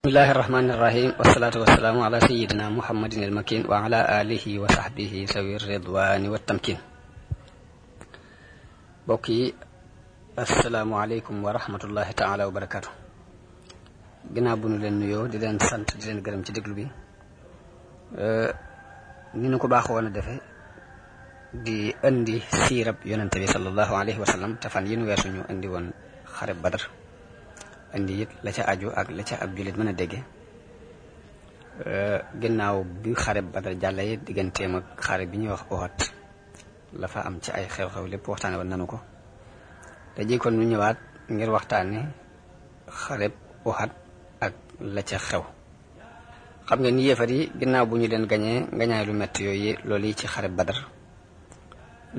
bismillahi irrahmani irrahim wasalatu wasalaamu ala sayidina muhammadin almakin wa ala alihi wa sahbihi sawi ridwani wa tamkin bokk yi asalaamualeykum wa rahmatullahi taala wa barakatu ginnaaw bu nu leen nuyoo di leen sant di leen gërëm ci déglu bi euh, ni nu ko baaxoo woon a defe di indi siirab yonente bi sallallahu alayhi wa sallam te fan yi weesu ñu indi woon xare badar indi it la ca aju ak la ca ab jullit mën a dégge euh, ginnaaw bi xare Badar jàlla yi digganteem ak xare bi ñuy wax Uhud la fa am ci ay xew-xew lépp waxtaane woon nanu ko te kon lu ñëwaat ngir waxtaane xareb Uhud ak la ca xew xam nga ni yéefar yi ginnaaw bu ñu leen gañee gañaay lu metti yooyu loolu yi ci xareb Badar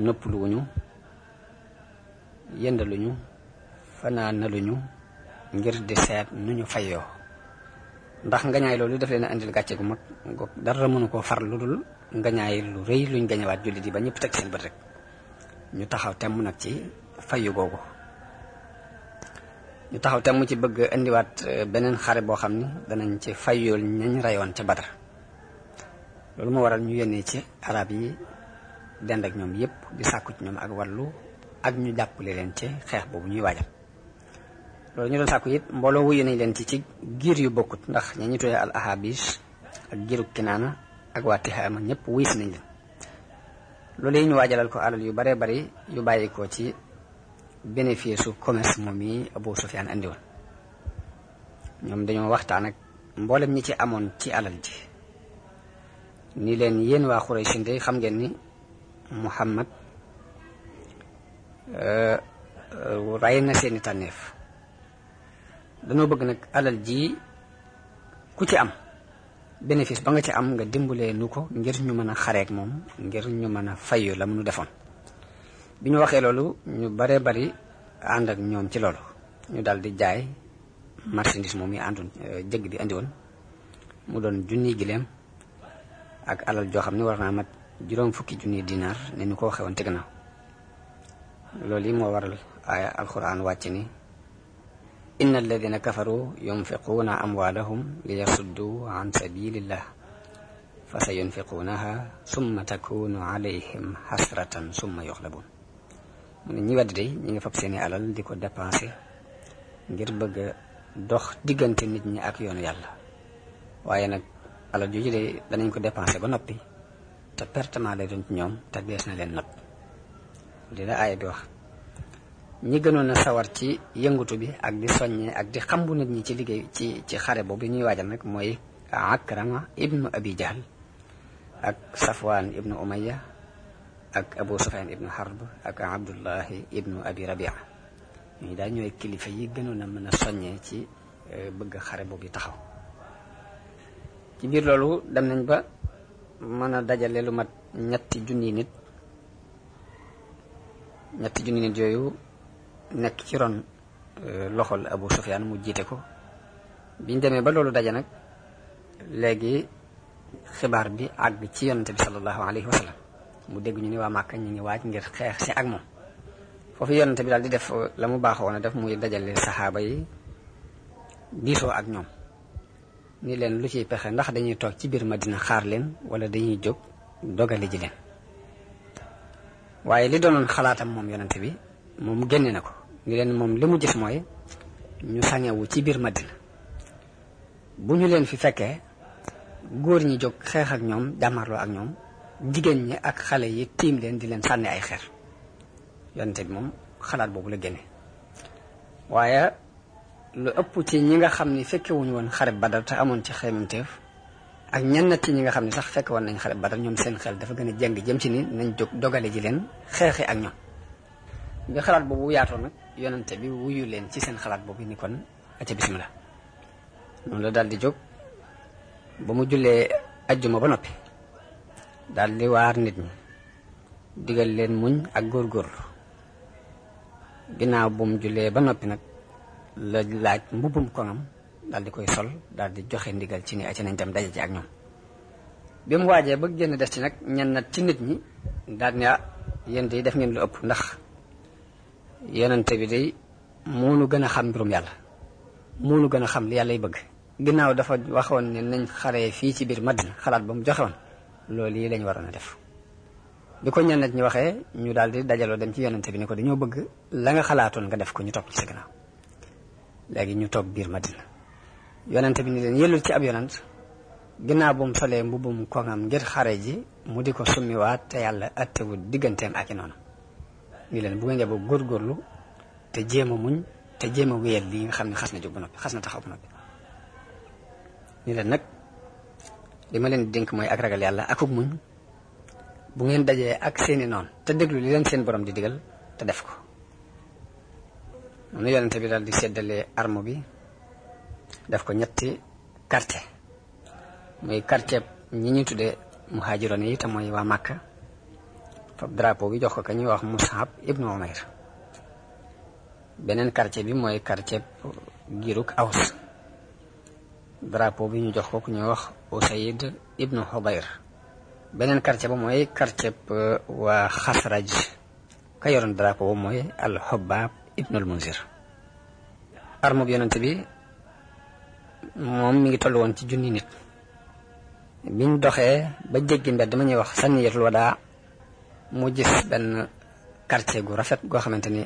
nëpp luwuñu yëndaluñu fanaanaluñu ngir di seet nu ñu fayoo ndax ngañaay loolu daf leen a indil gàcce gu mag dara mënu koo far lu dul ngañaay lu rëy luñ gañewaat jullit yi ba ñëpp teg seen bët ñu taxaw temm nag ci fayu googu ñu taxaw temm ci bëgg indiwaat euh, beneen xare boo xam ne danañ ci fayool ñañ rayoon ca Badar loolu moo waral ñu yennee ci araab yi dend ak ñoom yépp di sàkku ci ñoom ak wallu ak ñu jàppale leen ci xeex boobu ñuy waajal loolu ñu doon sàkku it mbooloo wuyu nañ leen ci ci giir yu bokkut ndax ña ñu tuddee al ahabis ak giiru kinaana ak waa tihaama ñëpp wuyis nañ leen loolu yi ñu waajalal ko alal yu baree bari yu bàyyi ko ci bénéfice su commerce moom yi Abu Sufyaan andi ñoom dañoo waxtaan ak mboolem ñi ci amoon ci alal ji ni leen yéen waa Quraysh day xam ngeen ni Muhammad euh, euh, rey na seeni tànneef danoo bëgg nag alal ji ku ci am bénéfice ba nga ci am nga dimbalee nu ko ngir ñu mën a xareek moom ngir ñu mën a fayu la mu nu defoon bi ñu waxee loolu ñu bare bari ànd ak ñoom ci loolu ñu daal di jaay marchandise moom yi àndoon euh, jëgg bi andi woon mu doon junni gileem ak alal joo xam ne war naa mat juróom fukki junniy dinaar ne ñu ko waxee woon te gannaaw loolu yi moo waral aaya alxuraan wàcc ni inna alladina kafaru yunfiquuna amwaalahum liyasuddu an sabilillah fa sa yunfiquunaha summa takunu alayhim hasratan summa yuxlabun mu ne ñi wedd day ñi nga fab seeni alal di ko dépensé ngir bëgg a dox diggante nit ñi ak yoonu yàlla waaye nag alal jooju de danañ ko dépensé ba noppi te pertement lay doon ci ñoom te dees leen natt ñi gënoon a sawar ci yëngutu bi ak di soññee ak di xambu nit ñi ci liggéey ci ci xare boobu ñuy waajal nag mooy akrama ibnu abi jahl ak safwaan ibnu umaya ak abu sufyan ibnu harb ak abdullahi ibnu abi rabia ñii daal ñooy kilifa yi gënoon a mën a soññee ci e, bëgg xare boobu taxaw ci biir loolu dem nañ ba mën a dajale lu mat ñetti junni nit ñetti junni nit yooyu nekk ci ron euh, loxol Abu Sufyaan mu jiite ko biñ demee ba loolu daje nag léegi xibaar bi ak ci yonante bi sallallahu alayhi wa sallam mu dégg ñu ni waa Màkka ñu ngi waaj ngir xeex si ak moom foofu yonante bi daal di def euh, la mu baaxoon a def muy dajale saxaaba yi diisoo ak ñoom ni leen lu ci pexe ndax dañuy toog ci biir Madina xaar leen wala dañuy jóg dogale ji leen waaye li doonoon xalaatam moom yonante bi moom mu génne na ko ñu leen moom li mu gis mooy ñu sangewu ci biir Madina bu ñu leen fi fekkee góor ñi jóg xeex ak ñoom jàmmarloo ak ñoom jigéen ñi ak xale yi tiim leen di leen sànni ay xeer yonte bi moom xalaat boobu la génne waaye lu ëpp ci ñi nga xam ni fekkewuñu woon xare badar te amoon ci xemamteef ak ñenn ci ñi nga xam ne sax fekke woon nañ xare badar ñoom seen xel dafa gën a jeng jëm ci ni nañ jóg dogale ji leen xeexi ak ñoom bi xalaat boobu yaatoo yonante bi wuyu leen ci seen xalaat boobu ni kon aca bismillah noonu la daal di jóg ba mu jullee ajjuma ba noppi daal waar nit ñi digal leen muñ ak góorgóorlu ginnaaw bu mu jullee ba noppi nag la laaj mbubbum koŋam daal di koy sol daal di joxe ndigal ci ni aca nañ tam daje ci ak ñoom bi mu waajee ba génn des ci nag ñenn ci nit ñi daal ni ah yéen def ngeen lu ëpp ndax yonente bi de moo nu gën a xam mbirum yàlla moo nu gën a xam yàlla y bëgg ginnaaw dafa waxoon ne nañ xaree fii ci biir Madina xalaat ba mu joxewoon loolu yi lañ waroon a def bi ko ñenn ñi waxee ñu daal di dajaloo dem ci yonente bi ni ko dañoo bëgg la nga xalaatoon nga def ko ñu topp ci sa ginnaaw léegi ñu toog biir Madina yonente bi ni leen yellul ci ab yonent ginnaaw bu mu solee mbubum koŋam ngir xare ji mu di ko summiwaat te yàlla attewul digganteem ak i noonu ni leen bu ngeen góor góorlu te jéema muñ te jéema a wéyal lii nga xam ne xas na jóg ba noppi xas na taxaw ba noppi ni leen nag li ma leen dénk mooy ak ragal yàlla akuk muñ bu ngeen dajee ak seeni noonu te déglu li leen seen borom di digal te def ko noonu yonente bi daal di seddalee armo bi def ko ñetti quartier muy quartier ñi ñuy tuddee muhaajiroon yi te mooy waa Màkka fab drapeau bi jox ko ka ñuy wax Musab ibnu Umayr beneen quartier bi mooy quartier giruk Aws drapeau bi ñu jox ko ku ñuy wax Usayd ibnu Hudayr beneen karce ba mooy quartier euh, waa Xasraj ka yoroon drapeau ba mooy al ibnu al Munzir armée bi yonent bi moom mu ngi toll woon ci junni nit biñ doxee ba jéggi mbedd dama ñuy wax sanniyatul wadaa mu gis benn quartier gu rafet goo xamante ni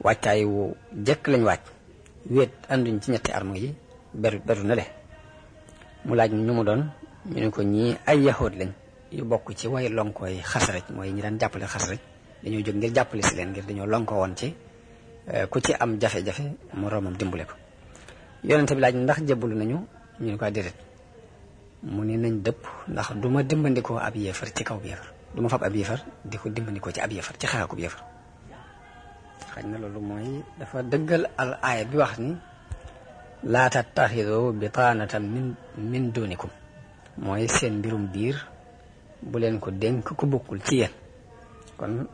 wàccaay jëkk lañ wàcc wéet ànduñ ci ñetti arme yi beru beru na le mu laaj ñu mu doon ñu ne ko ñii ay yahood lañ yu bokk ci way lonkooy xasraj mooy ñi daan jàppale xasraj dañoo jóg ngir jàppale si leen ngir dañoo lonkoo woon ci eh, ku ci am jafe-jafe moroomam dimbale ko yonente bi laaj ndax jébbalu nañu ñu ne ko déedéet mu ni nañ dëpp ndax duma ma dimbandikoo ab yéefar ci kaw yéefar du ma fab ab yëfar di ko dimbali ci ab yëfar ci xaaku bi yëfar xañ na loolu mooy dafa daggal al bi wax ni laa tattaxidu bitaanatan min min dunikum mooy seen mbirum biir bu leen ko dénk ku bokkul ci yéen kon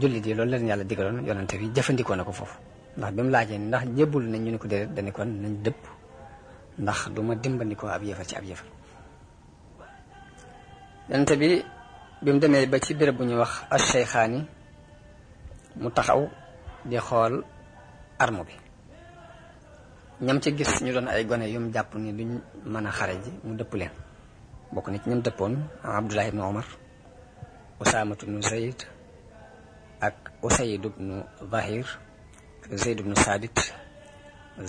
jullit yi loolu leen yàlla digaloon yonante bi jëfandikoo na ko foofu ndax bi mu laajee ndax jébbul nañ ñu ni ko déedéet dañu kon dëpp ndax duma ma dimbandikoo ab yëfar ci ab yëfar bi mu demee ba ci béréb bu ñuy wax Asheykhaani mu taxaw di xool arme bi ñam ci gis ñu doon ay gone yu jàpp ni duñ mën a xare mu dëpp leen bokk na ci ñam dëppoon Abdullah ibnu Omar Usaamatu ibnu Zayd ak Usayd ibnu Zahir Zayd ibnu Saabit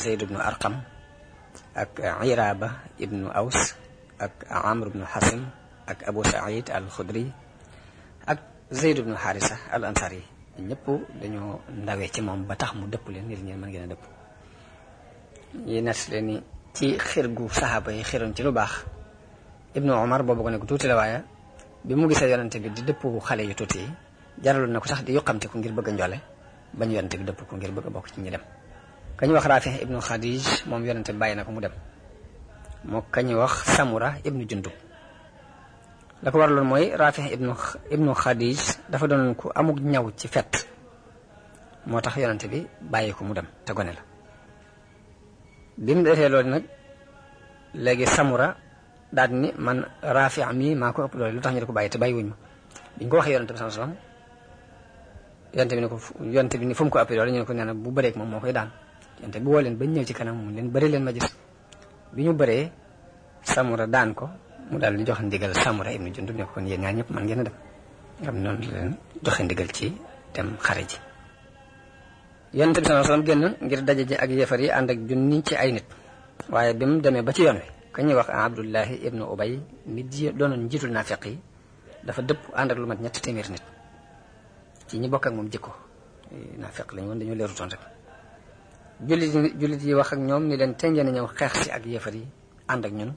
Zayd ibnu Arqam ak Iraaba ibnu Aws ak Amr ibnu Hasim ak Abu Saïd al-Khudri Zayd ibn Xaarisa al ansar yi ñëpp dañoo ndawee ci moom ba tax mu dëpp leen ngir ñeen mën ngeen a dëpp yi nett leen ni ci xir gu saxaaba yi xiroon ci lu baax ibnu Omar boobu ko nekk tuuti la waaye bi mu gisee yonante bi di dëpp xale yu tuuti yi jaraloon na ko sax di yuqamte ku ngir bëgg a njole bañ yonante bi dëpp ko ngir bëgg a bokk ci ñi dem kañ wax Raafi ibnu Xadij moom yonante bi bàyyi na ko mu dem moo kañ wax Samura ibnu Jundub la ko waraloon mooy Rafih ibnu ibnu Khadij dafa doon ku amug ñaw ci fet moo tax yonante bi bàyyi ko mu dem te gone la bi mu defee loolu nag léegi Samura daal ni man Rafih mii maa ko lu tax bàyyi te bàyyi wuñ ma biñ ko waxee yonante bi sama salaam yonante bi ne ni fu mu ko appelé loolu ñu ne ko nee na bu bëreek moom moo koy daan yonante bi woo leen ba ñëw ci kanam moom leen bëri leen ma gis bi ñu baree Samura daan ko mu daal di jox ndigal Samura ibnu Jundub ne ko kon yéen ñaar ñëpp man ngeen a dem ngam noonu leen joxe ndigal ci dem xare ji yonent bi sallallahu génn ngir daje ji ak yéefar yi ànd ak junni ci ay nit waaye bi mu ba ci yoon wi ka ñuy wax Abdullahi ibnu ji doonoon njiitul yi dafa dëpp ànd ak lu mat ñetti téeméer nit ci ñi bokk ak moom jikko naafiq lañu woon dañu leerutoon rek jullit jullit yi wax ak ñoom leen te ñëw xeex si ak yéefar yi ànd ak ñun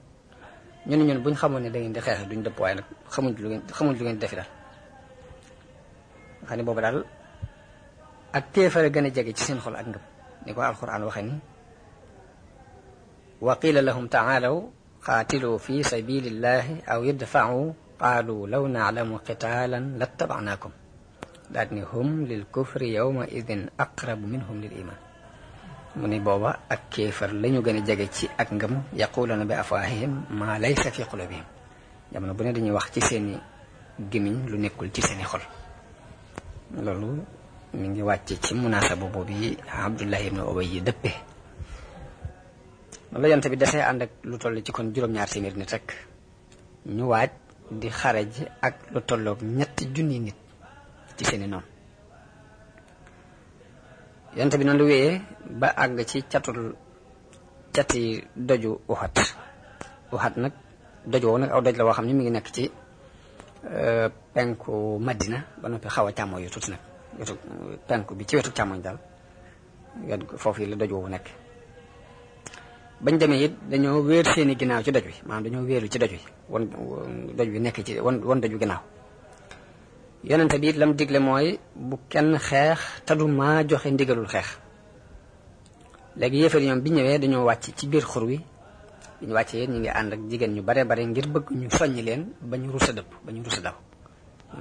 ñun ne ñun buñ xamoon ne da ngeen di xeex duñ dëpp waaye nag xamuñ lu ngeen xamuñ lu ngeen defi ne boobu daal ak kéefare gën a ci seen xol ak ngëm ni ko alquran waxe ni wa qila lahum taalaw qaatilu fi sabilillahi aw idfa'u qaalu law naalamu qitaalan lattaba'naakum daat ni hum lil kufri yawma idin aqrabu minhum lil iman mu ni booba ak kéefar lañu gën a jege ci ak ngëm yaquluna bi afwaahihim ma laysa fi bi jamono bu ne dañuy wax ci seeni gémmiñ lu nekkul ci seeni xol loolu mu ngi wàcce ci munaasaba boobu yi Abdullah ibn Ubay yi dëppe la yonte bi dasee ànd ak lu toll ci kon juróom-ñaar téeméer nit ñu waaj di xare ji ak lu tolloog ñetti junni nit ci seeni noonu yonte bi noonu lu wéyee ba àgg ci catul cati doju uxat uxat nag doj woowu nag aw doj la woo xam ne mi ngi nekk ci euh, penku madina ba noppi xaw a càmmo yu tuuti nag wetu penku bi ci wetu càmmoñ daal wet foofu yi la doj woowu nekk bañ demee it dañoo weer seeni ginnaaw ci doj wi maanaam dañoo wéeru ci doj wi wan doj bi nekk ci wan wan doj wi yonente bi lam digle mooy bu kenn xeex te du maa joxe ndigalul xeex léegi yéefar ñoom bi ñëwee dañoo wàcc ci biir xur wi bi ñu wàccee ñu ngi ànd ak jigéen ñu bare bare ngir bëgg ñu soññ leen ba ñu a dëpp ba ñu rusa daw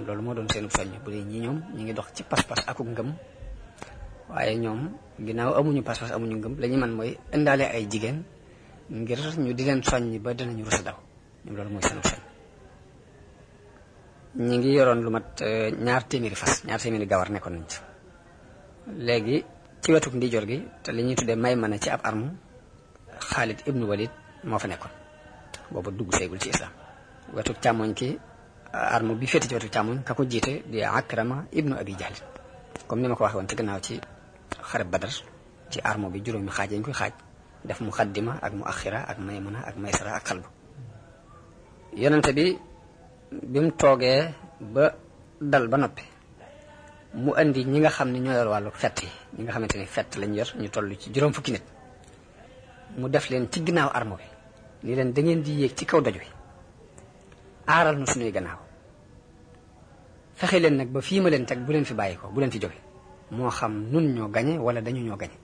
loolu moo doon seen soññ bu dee ñoom ñu ngi dox ci pas-pas ngëm waaye ñoom ginnaaw amuñu pas-pas amuñu ngëm la man mooy indaale ay jigéen ngir ñu di leen soññ ba dinañu rusa daw ñoom loolu mooy seen soññ ñi ngi yoroon lu mat euh, ñaar téeméeri fas ñaar téeméeri gawar nekkoon nañ ci léegi ci wetuk ndijoor gi te li ñuy tuddee may mën a ci ab arme Xaalid ibnu Walid moo fa nekkoon boobu dugg seegul ci islam wetuk càmmoñ ki arme bi féete ci wetuk càmmoñ ka ko jiite di Akrama ak Abi Jahl comme ni ma ko waxee ci gannaaw ci xare Badar ci arme bi juróomi xaaj yañ koy xaaj def mu xaddima ak mu axira ak maymuna ak maysara ak xalbu yonente bi bi mu toogee ba dal ba noppi mu indi ñi nga xam ni ñoo yor wàllu fett yi ñi nga xamante ni fett lañ yor ñu toll ci juróom fukki nit mu def leen ci ginnaaw armo bi ni leen da ngeen di yéeg ci kaw doj wi aaral na suñuy gannaaw fexe leen nag ba fii ma leen teg bu leen fi bàyyi ko bu leen fi jóge moo xam nun ñoo gañe wala dañu ñoo gañe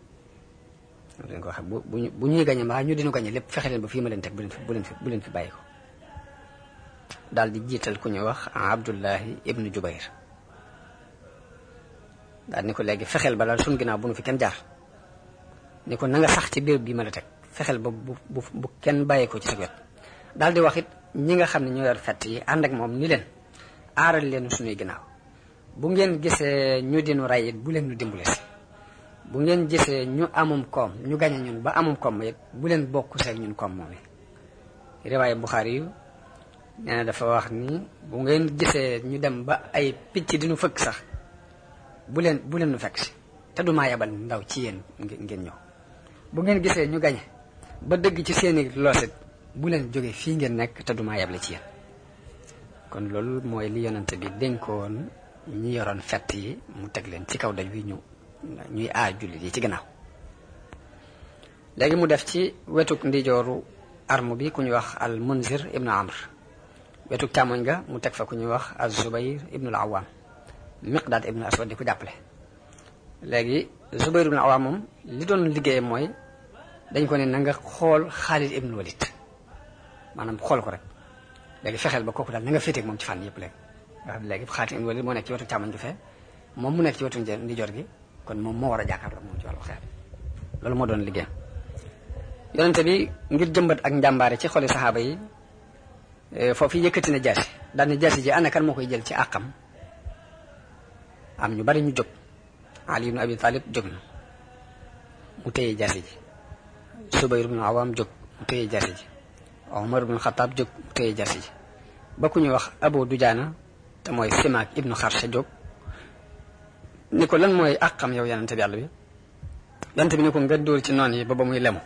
dañ ko xam bu bu ñuy gañe mbaa ñu dinu gañe lépp fexe leen ba fii ma leen teg bu leen fi bu leen fi bàyyi ko daal di jiital ku ñuy wax Abdullahi ibnu Jubayr daal ni ko léegi fexeel ba daal suñ ginnaaw bu nu fi kenn jaar ni ko na nga sax ci béréb bi ma la teg fexeel ba bu bu bu kenn bàyyee ko ci sa wet daal di wax it ñi nga xam ne ñoo yor fett yi ànd ak moom ni leen aaral leen suñuy ginnaaw bu ngeen gisee ñu dinu rey it bu leen ñu dimbale si bu ngeen gisee ñu amum koom ñu gañe ñun ba amum koom it bu leen bokku seeg ñun koom moom it riwaaye yu nee dafa wax ni bu ngeen gisee ñu dem ba ay picc di ñu fëkk sax bu leen bu leen nu fekk si te du yabal ndaw ci yéen ngeen ñëw bu ngeen gisee ñu gañe ba dëgg ci seeni loosit bu leen jógee fii ngeen nekk te du maa ci yéen kon loolu mooy li yonante bi dénkoon ñi yoroon fett yi mu teg leen ci kaw daj wi ñu ñuy aar jullit yi ci gannaaw léegi mu def ci wetuk ndijooru arme bi ku ñu wax al munzir ibnu amr wetu càmmoñ ga mu teg fa ku ñuy wax az-Zubayr ibnu al-Awwam Miqdaad ibnu Aswad di ko jàppale léegi Zubayr ibnu al moom li doon liggéeyam mooy dañ ko ne na nga xool Xaalid ibnu Walid maanaam xool ko rek léegi fexeel ba kooku daal na nga féeteeg moom ci fànn yëpp léegi nga xam ne léegi Xaalid ibnu Walid moo nekk ci wetu càmmoñ gi fe moom mu nekk ci wetu ndijoor gi kon moom moo war a jàkkaarloo moom ci wàllu moo doon liggéeyam ci xoli saxaaba yi Eh, foofu yëkkati na jaasi daal ne jaasi ji ana kan moo koy jël ci àqam am ñu bari ñu jóg Ali ibn Abi Talib jóg na mu téye jaasi ji Subayr ibn Awam jóg mu téye jaasi ji Omar ibn Xataab jóg mu téye jaasi ñu wax Abu Dujaana te mooy Simaak ibnu Xarsa jóg ni ko lan mooy àqam yow yonente bi yàlla bi yonente bi ni ko nga dóor ci noon yi ba ba muy lemu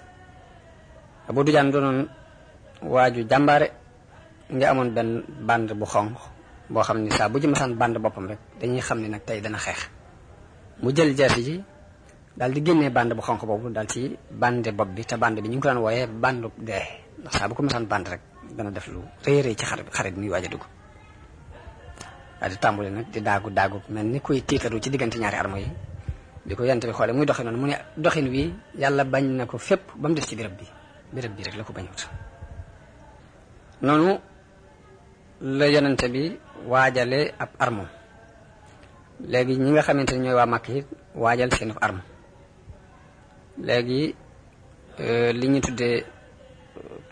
Abu Dujaana doonoon waaju jàmbaare mu ngi amoon benn bande bu xonq boo xam ni saa bu ci masaan bande boppam rek dañuy xam ni nag tey dana xeex mu jël jaasi ji daal di génnee band bu xonq boobu daal ci band bopp bi te bande bi ñu ngi ko daan wooyee bande dee ndax saa bu ko masaan bande rek dana def lu rëy rëy ci xar xare bi muy waaj a di tàmbule nag di daagu daagu mel ni kuy tiitaru ci diggante ñaari armo yi bi ko yent bi xoolee muy doxi noonu mu ne doxin wi yàlla bañ na ko fépp ba mu des ci béréb bi béréb bii rek la ko bañut noonu la yonente bi waajale ab armam léegi ñi nga xamante ni ñooy waa Màkk yi waajal seen arme léegi euh, li ñu tuddee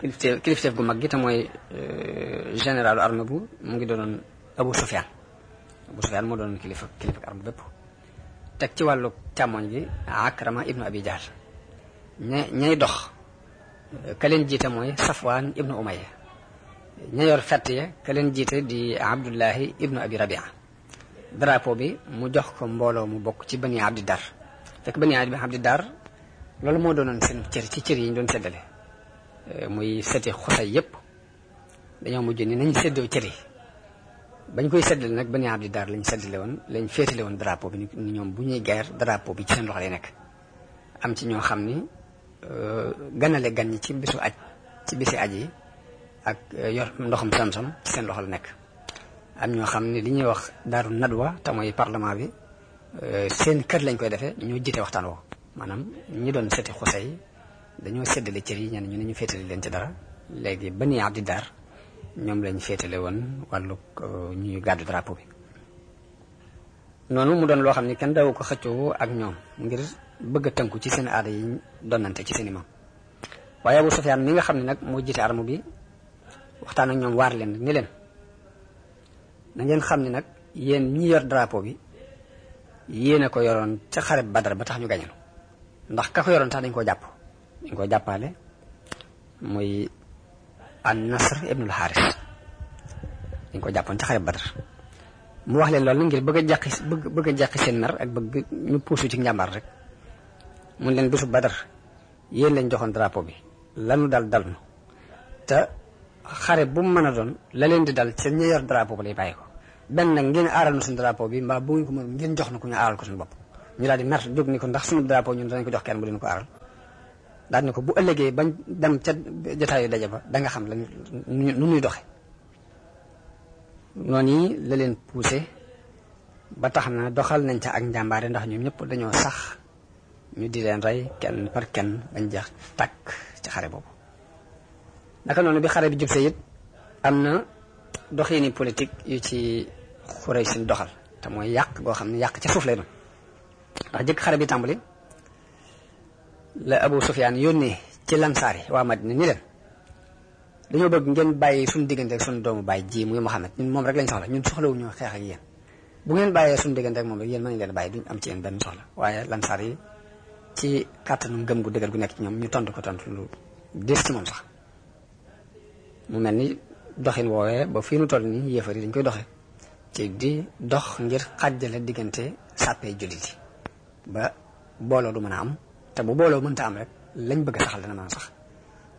kilifteef kilifteef gu mag gi te mooy euh, généralu arme bu mu ngi doonoon Abu Sufyaan Abu Sufyaan moo doon kilifa kilifa arme bépp teg ci wàllu càmmoñ bi Akrama ibnu Abi Jahl ña dox ka leen jiite Safwaan ibnu Umayya ñu yor fett ya ka leen jiite di abdullahi ibnu abi rabia drapeau bi mu jox ko mbooloo mu bokk ci bani abdi dar fekk bani abdi dar loolu moo doonoon seen cër ci cër yi ñu doon seddale euh, muy seti xusay yépp dañoo mujj ni nañ seddoo cër yi bañ koy seddale nag bani abdi dar lañ seddale woon lañ féetale woon drapeau bi ni ñoom bu ñuy guerre drapeau bi ci seen loxo lay nekk am ci ñoo xam ni euh, ganale gan ñi ci bisu aj ci bisi aj yi ak eh, yor ndoxum samsam seen loxo la nekk am ñoo xam ne li ñuy wax daaru nadwa te mooy parlement bi eh, seen kër lañ koy defee ñoo jite waxtaan woo maanaam ñi doon seti xuse yi dañoo séddale cër yi ñenn ñu ne ñu féetale leen ci dara léegi ba nii abdi daar ñoom lañ féetale woon wàllu eh, ñuy gàddu drapeau bi noonu mu doon loo xam ne kenn daw ko xëccoo ak ñoom ngir bëgg tënku ci seen aada yi donnante ci seen imam waaye Abu Sufyaan mi nga xam ne nag moo jiite waxtaan ak ñoom waar leen ni leen na ngeen xam ni nag yéen ñi yor drapo bi yéen a ko yoroon ca xareb Badar ba tax ñu gañalu ndax ka ko yoroon dañ koo jàpp dañ koo jàppaale muy an ko jàppoon ca xareb Badar mu wax leen loolu na ngir bëgg a jàqi bëgg bëgg seen nar ak bëgg ñu puusu ci njàmbaar rek mun leen bésu Badar yéen lañ joxoon drapo bi lanu dal dal te xare bu mu mën a doon la leen di dal ci ñu yor drapeau bi lay bàyyi ko benn nag ngeen aaral na suñu drapeau bi mbaa bu ngeen ko mën ngeen jox na ko ñu aaral ko suñu bopp ñu daal di mer jóg ndax suñu drapeau ñun danañ ko jox kenn bu leen ko ko bu ëllëgee bañ dem ca jotaayu daje ba da xam la nu ñuy doxe noonu yi la leen poussé ba tax na doxal nañ ca ak njàmbaare ndax ñoom ñëpp dañoo sax ñu di leen rey kenn par kenn bañ jeex tàkk ci xare boobu naka noonu bi xare bi jub see it am na doxiini politique yu ci xurey sin doxal te mooy yàq goo xam ne yàq ci suuf lay doon ndax jëkk xare bi tàmbali la Abu Sufyaan yónnee ci lansaar yi waa Madina ni leen dañoo bëgg ngeen bàyyi suñu diggante ak suñu doomu baay ji muy Muhammad ñun moom rek lañ soxla ñun soxlawu ñu xeex bu ngeen bàyyee suñu diggante ak moom rek yéen mën ngeen bàyyi duñ am ci yéen benn soxla waaye lansaar yi ci kàttanu ngëm gu dëgër gu nekk ci ñoom ñu tontu ko tontu lu des ci mu mel ni doxin woowee ba fii nu toll nii yéefar yi dañ koy doxee ci di dox ngir xàjjale diggante sàppee jullit yi ba booloo du mën a am te bu booloo mënta am rek lañ bëgg a saxal dana mën a sax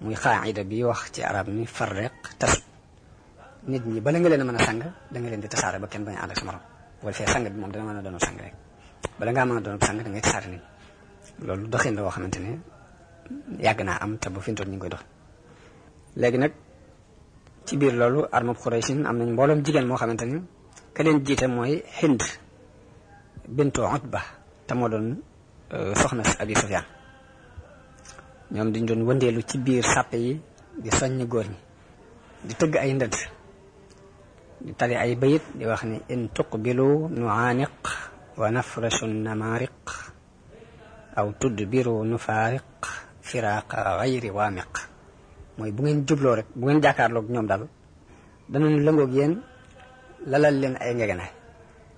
muy xaaida wax ci arab ni farriq tas nit ñi bala nga leen a a sang da leen di tasaare ba kenn bañ a ànd ak moom dana mën a doon sang rek bala ngaa mën a doon loolu doxin la xamante ne yàgg naa am te fi ñu toll ngi koy dox léegi nag ci biir loolu armab Qurayshin am nañ mbooloom jigéen moo xamante ni ka leen jiite mooy Hind bintu Utba te moo doon euh, soxna si Abi Sufyaan ñoom dañ doon wëndeelu ci biir sàpp yi di soññ góor di tëgg ay ndënd di tali ay bayit di wax ni in tuqbilu nuaaniq wa nafrashu namaariq aw tudbiru nufaariq firaaqa gayri waamiq mooy bu ngeen jubloo rek bu ngeen jàkkaarloog ñoom daal danañ lëngoog yéen lalal leen ay ngegenaay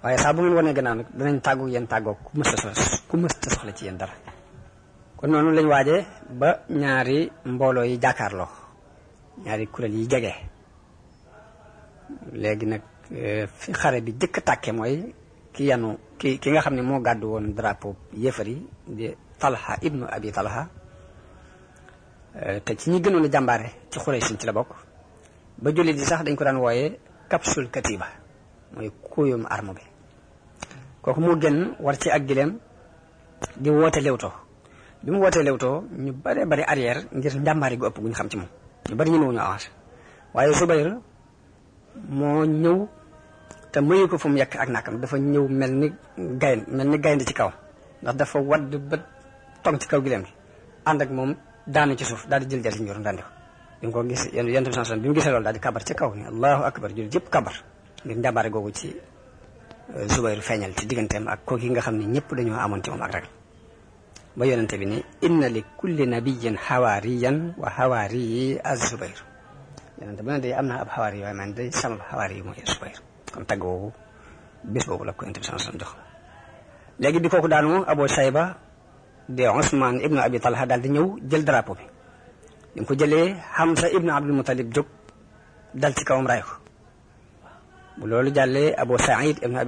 waaye saa bu ngeen wanee gannaaw nag danañ tàggoog yéen tàggoog ku mës a ku mës soxla ci yéen dara kon noonu lañ waajee ba ñaari mbooloo yi jàkkaarloo ñaari kuréel yi jege léegi nag euh, fi xare bi jëkk tàkke mooy ki yennu ki ki nga xam ne moo gàdd woon drapeau yéefar yi di Talha ibnu Abi Talha Euh, te ci ñi gënoon a jàmbaare ci Quraysh ci la bokk ba jullit yi sax dañ ko daan wooye capsule katiba mooy kuuyum arme bi kooku moo gën war ci ak gileem di woote lewtoo bi mu wootee lewtoo ñu bare bari arrière ngir njàmbaari gu ëpp gu ñu xam ci moom ñu bari ñu ñu avancé waaye Zubayr moo ñëw te mayu ko fu mu yekk ak nakam dafa ñëw mel ni gaynde mel ni gaynde ci kaw ndax dafa wadd ba tong ci kaw gileem bi ànd ak moom daanu ci suuf daal di jël jël si njëriñ daan di ko bi mu ko bi gisee loolu daal di kabar ci kaw ni allahu akbar jullit kabar ngir ndambaare googu ci euh, Zubayru feeñal ci digganteem ak kooku yi nga xam ne ñëpp dañoo amoon ci moom ak ragal ba yonent bi ni inna li kulli nabiyyin xawaariyan bi ne day am na ab xawaari waaye man day sama xawaari yi mooy Zubayr kon tagg woowu bés boobu la ko yonent bi sallallahu jox léegi bi kooku daanu Abu Sayba di Ousmane ibnu Abi Talha daal di ñëw jël drapeau bi ko jëlee Hamza ibnu Abdul Muttalib dal loolu jàllee Abu Saïd ibnu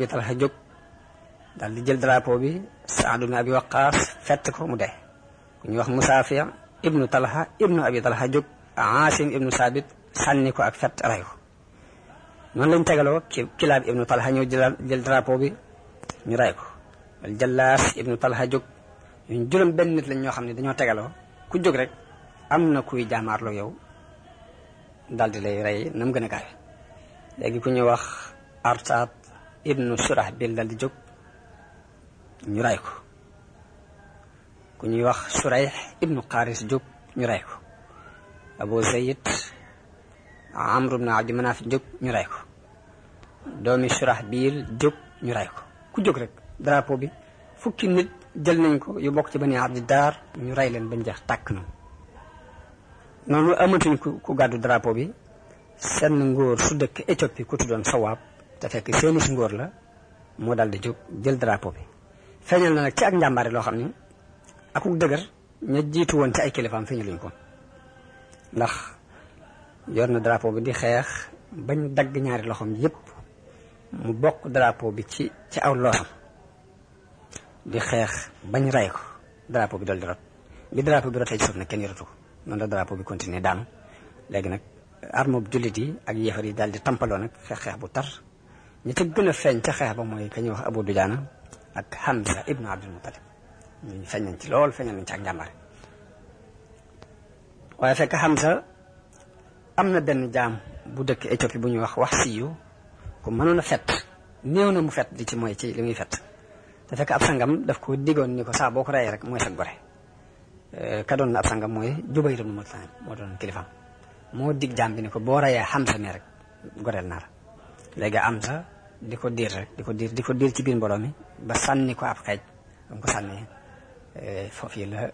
di jël drapeau bi Saad ibnu Abi Waqaas fett ko mu dee ku ñuy wax Musaafiya ibnu Talha ibnu Abi Talha jóg Aasim ibnu ko ak fett ray ko noonu lañ tegaloo ci Kilaab ibnu Talha ñëw jël drapeau bi ñu ray ko Jallaas ibnu Talha jóg ñun juróom benn nit lañ ñoo xam ne dañoo tegaloo ku jóg rek am na kuy jaamaarloo yow daal di lay rey nam gën a gaawe léegi ku ñuy wax artaat ibnu surah bil daal di jóg ñu ray ko ku ñuy wax surayx ibnu xaaris jóg ñu ray ko abu zayid amru bnu abdi manaaf jóg ñu ray ko doomi surah biil jóg ñu ray ko ku jóg rek drapeau bi fukki nit jël nañ ko yu bokk ci bani di daar ñu rey leen bañ jeex tàkk na noonu amatuñ ku gàddu drapeau bi seen ngóor su dëkk Éthiopie ku tuddoon sawaab te fekk seenu si ngóor la moo daal di jóg jël drapo bi feeñal na nag ci ak njàmbaare loo xam ni akuk dëgër ña jiitu woon ci ay kilifaam feeñaluñ ko ndax yor na drapeau bi di xeex bañ dagg ñaari loxoom yépp mu bokk drapo bi ci ci aw looram di xeex bañ rey ko drapeau bi dal di rot bi drapeau bi rotee ci nag kenn yoratu ko noonu la drapeau bi continuer daanu léegi nag armoo bu jullit yi ak yéefar yi daal di tampaloo nag xeex-xeex bu tar ñu te gën a feeñ ca xeex ba mooy ka ñuy wax Abu Dujaana ak Hamza ibnu Abdul Muttalib ñu feeñ nañ ci lool feeñal nañ ci ak njàmbaare waaye fekk Hamza am na benn jaam bu dëkk Éthiopie bu ñuy wax wax siyu ku mënoon a fet néew na mu fet di ci mooy ci li muy fet te fekk ab sangam daf ko digoon ni ko saa boo ko rayee rek mooy sa gore eh, ka doon ab sangam mooy Jubayr ibn Mut'im moo doon kilifaam moo dig jaam ni ko boo rayee Hamza mi rek goreel naa la léegi Hamza di ko diir rek di ko diir di ko diir ci biir mbooloo mi ba sànni ko ab xeej am ko sànni eh, foofu la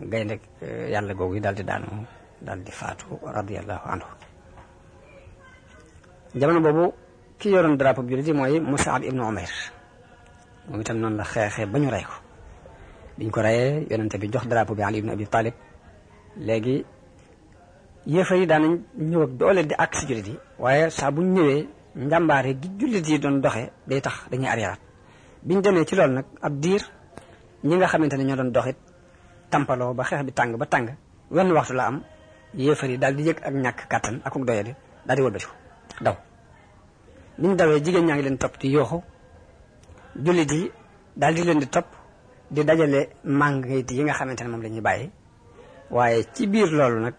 gaynde eh, yàlla googu yi daal di daanu daal di faatu radiyallahu anhu jamono boobu ki yoroon drapeau bi jullit yi mooy Mus'ab ibn Umayr moom itam noonu la xeexee ba ñu rey ko biñ ko reyee yonente bi jox drapeau bi Ali ibn Abi Talib léegi yéefar yi daanañ ñëw ak doole di àgg si jullit yi waaye saa bu ñu ñëwee njàmbaare gi jullit yi doon doxee day tax dañuy arriéraat biñ demee ci loolu nag ab diir ñi nga xamante ne ñoo doon doxit tampaloo ba xeex bi tàng ba tàng wenn waxtu la am yéefar yi daal di yëg ak ñàkk kàttan akuk doyadi daal di wëlbati ko daw. biñ dawee jigéen ñaa ngi leen topp di yooxu jullit yi daal di leen di topp di dajale màngit yi nga xamante ne moom lañuy bàyyi waaye ci biir loolu nag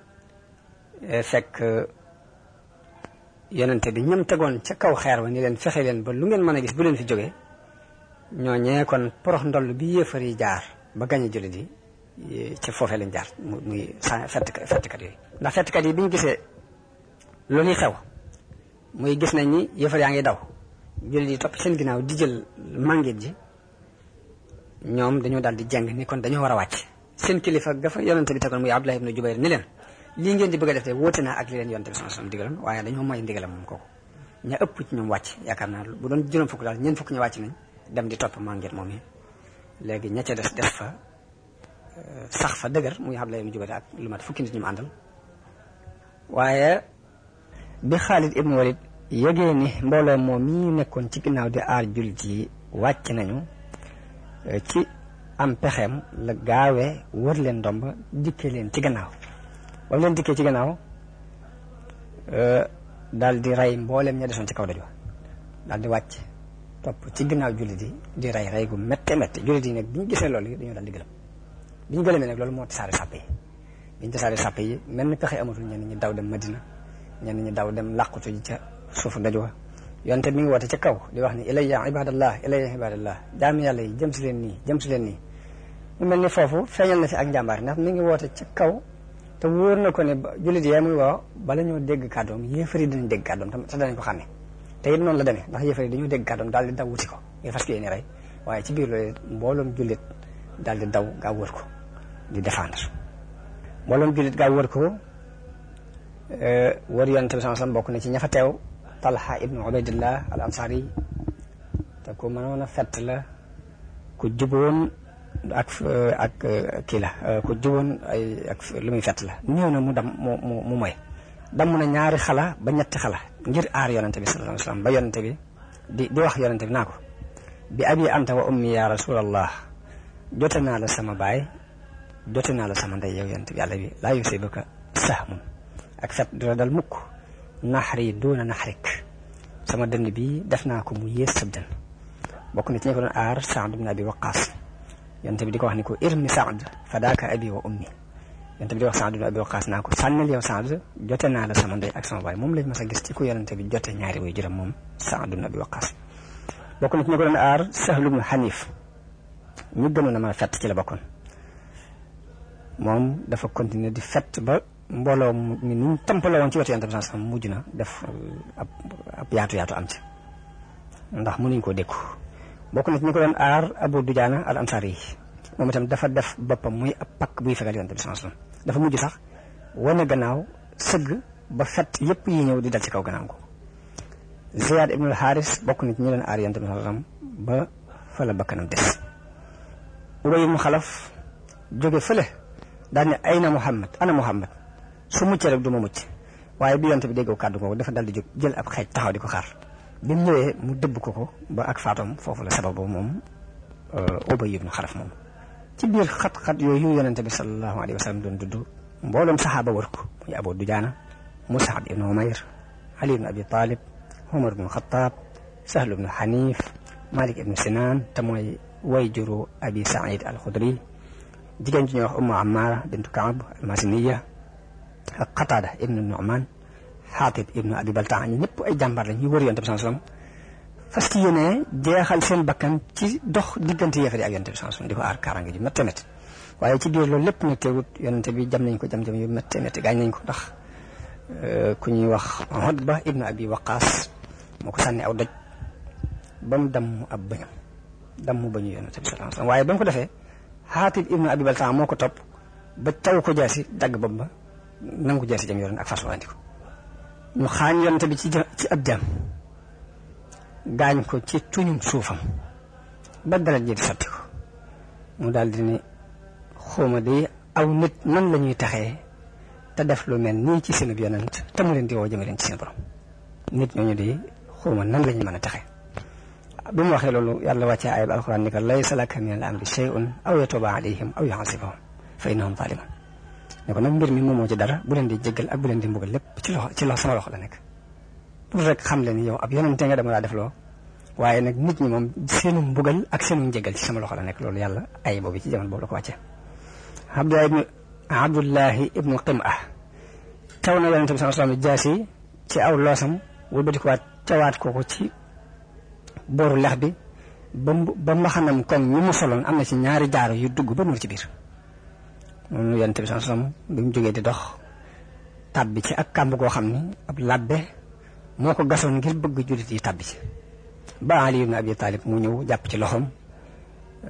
eh, fekk yonente bi ñam tegoon ca kaw xeer wa ni leen fexe leen ba lu ngeen mën a gis bu leen fi jógee ñooñee kon porox ndoll bi yéefar yi jaar ba gañe jullit yi eh, ci foofee lañ jaar muy fett fettkat yooyu ndax fettkat yi bi ñu gisee loolu xew muy gis nañ ni yéefar yaa ngi daw jullit yi topp seen ginnaaw di jël mànget ji ñoom dañoo daal di jàng ni kon dañoo war a wàcc seen kilifa ga fa yonente bi tegoon muy Abdullah ibn Jubayr ni leen lii ngeen di bëgg a def te wóote naa ak li leen yonente bi sallallahu alayhi wasallam digaloon waaye dañoo mooy ndigalam moom kooku ña ëpp ñoom wàcc yaakaar naa bu doon juróom fukk daal ñeent fukk ñu wàcc nañ dem di topp mànget moom yi léegi ña ca des def fa euh, sax fa dëgër muy Abdullah ibn Jubayr ak lu mat fukki nit ñu mu yëgee ni mbooloo moom mi nekkoon ci ginnaaw di aar jullit yi wàcc nañu eh, ci am pexeem la gaawee wër leen ndomb dikkee leen ci gannaaw ba mu leen dikkee ci gannaaw eh, daal di rey mbooleem ña desoon ci kaw daju daal di wàcc topp ci gannaaw jullit yi di rey rey gu métte métte jullit yi nag bi ñu gisee loolu dañoo daal di gëlëm bi ñu gëlëmee nag loolu moo tasaare sàpp yi bi ñu sàpp yi mel ni pexe amatul ñenn ñi daw dem dina ñenn ñi daw dem làqutu ca suufu daj wa yonte mi ngi woote ci kaw di wax ni ilayya ibadallah ilayya ibadallah jaami yàlla yi jëm si leen nii jëm leen nii mu mel ni foofu feeñal na fi ak njàmbaar ndax mi ngi woote ci kaw te wóor na ko ne jullit yee muy woo bala ñoo dégg kàddoom yéefar yi dañu dégg kàddoom te danañ ko xàmme te it noonu la demee ndax yéefar yi dañoo dégg kàddoom daal di daw wuti ko ngir fas yéene rey waaye ci biir loolu mbooloom jullit daal di daw gaa wër ko di défendre mbooloom jullit gaa wër ko eh, wër bokk na ci ñafa teew Talha ibnu Ubaydillah al ansari te ku mënoon ak eh, ak eh, kii la eh, ku juboon ay ak lu muy fett la ñëw mu dam mu mu mu na ñaari xala ba ñetti xala ngir aar yonente bi sallallahu alayhi wasallam ba di wax yonente bi naa ko bi abi anta wa ummi ya rasulallah jote naa la sama baay jote naa la sama ndey yow yonente bi yàlla bi sahmun ak fett dal mukk naxari duuna naxarik sama dënn bi def naa ko mu yées sab dënn bokk na ci ñi ko doon aar Saad ibn Abi Waqaas yonte bi di ko wax ni ko irmi Saad fadaaka abi wa ummi yonte bi di wax Saad ibn Abi Waqaas naa ko sànnil yow Saad jote naa la sama ndey ak sama baay moom lañ mas a gis ko ku yonente bi jote ñaari way juram moom Saad ibn Abi Waqaas bokk na ci ñi ko doon aar Sahl ibn Hanif ñu gënoon a mën a fett ci la bokkoon moom dafa ba mbooloo mi nu mu tampale woon ci wetu yonent bi sax mujj na def euh, ab ab yaatu yaatu am ci ndax mënuñ koo dékku bokk na ci ñu ko doon aar Abu Dujaana al Ansaari yi moom itam dafa def boppam muy ab pakk buy fegal yonent bi dafa mujj sax wane gannaaw sëgg ba fet yëpp yi ñëw di dal ci kaw gannaaw ko Ziyaad ibnul Xaaris bokk na ci ñu ba fa la bakkanam des Ubay ibnu Xalaf jóge fële daal ne ayna Muhammad ana Muhammad su mucc rek du ma mucc waaye bi yonte bi dégg kàddu googu dafa dal di jóg jël ab xeej taxaw di ko xaar bi mu ñëwee mu dëbb ko ko ba ak faatam foofu la sababu moom euh, Ubay ibnu Xalaf moom ci biir xat-xat yooyu yonente bi sallallahu alayhi wa sallam doon dudd mbooloom saxaaba wër ko muy Abu Dujaana Musab ibnu Umayr Ali ibnu Abi Talib Umar ibnu Xataab Sahl ibnu Xaniif Malik ibnu Sinaan te mooy way juru Abi Saïd al-Xudri jigéen ji ñuy wax Ummu Ammaara bintu Kaab al-Masiniya Qataada ibnu Nu'man Xaatib ibnu Abi Baltaa ñëpp ay jàmbaar lañ ñu wër yonent bi sallallahu alayhi wasallam fas yéene bakkan ci dox diggante yéefar yi ak yonent bi sallallahu alayhi wasallam di ko lépp nag teewut yonent bi jam nañ ko jam jam yu métti métti nañ ko ndax euh, ku ñuy wax Utba ibnu Abi Waqaas moo ko sànni aw doj ba mu damm ab bañam damm bañu yonent bi sallallahu waaye ba mu ko defee Xaatib ibnu Abi Baltaa moo ko topp ba taw ko jaasi dagg bopp ba nangu jaasi jam yoroon ak fasowandiku ñu xaañ yonent bi ci ci ab jaam gaañ ko ci tuñum suufam ba dara ji di sotti ko mu daal di ne xawma de aw nit nan la ñuy taxee te def lu mel nii ci seen yonent te leen di woo jëme ci seen borom nit ñooñu de xawma nan la ñu mën a taxee bi mu waxee loolu yàlla wàccee ayib alxuraan ni ko laysa laka min al amri shay'un aw yatuba alayhim aw yu'azibahum fa innahum zalimun ne ko nag mbir mi moomoo ci dara bu leen di jéggal ak bu leen di mbugal lépp ci loxo ci loxo sama loxo la nekk pour rek xam leen ni yow ab yonente nga dama def loo waaye nag nit ñi moom seenu mbugal ak seenu njëgal ci sama loxo la nekk loolu yàlla ay boobu ci jamono boobu la ko wàcce abdulahi ibnu abdullahi ibnu qima taw na yonente bi ci aw loosam wëlbatikuwaat cawaat kooku ci booru lex bi ba ba mbaxanam kon ñu mu soloon am na ci ñaari jaaro yu dugg ba nuur ci biir noonu yonent bi sax sam bi mu di dox tàbbi ci ak kàmb goo xam ni ab labbe moo ko gasoon ngir bëgg jullit yi tàbbi ci ba Ali ibn Abi Talib ñëw jàpp ci loxoom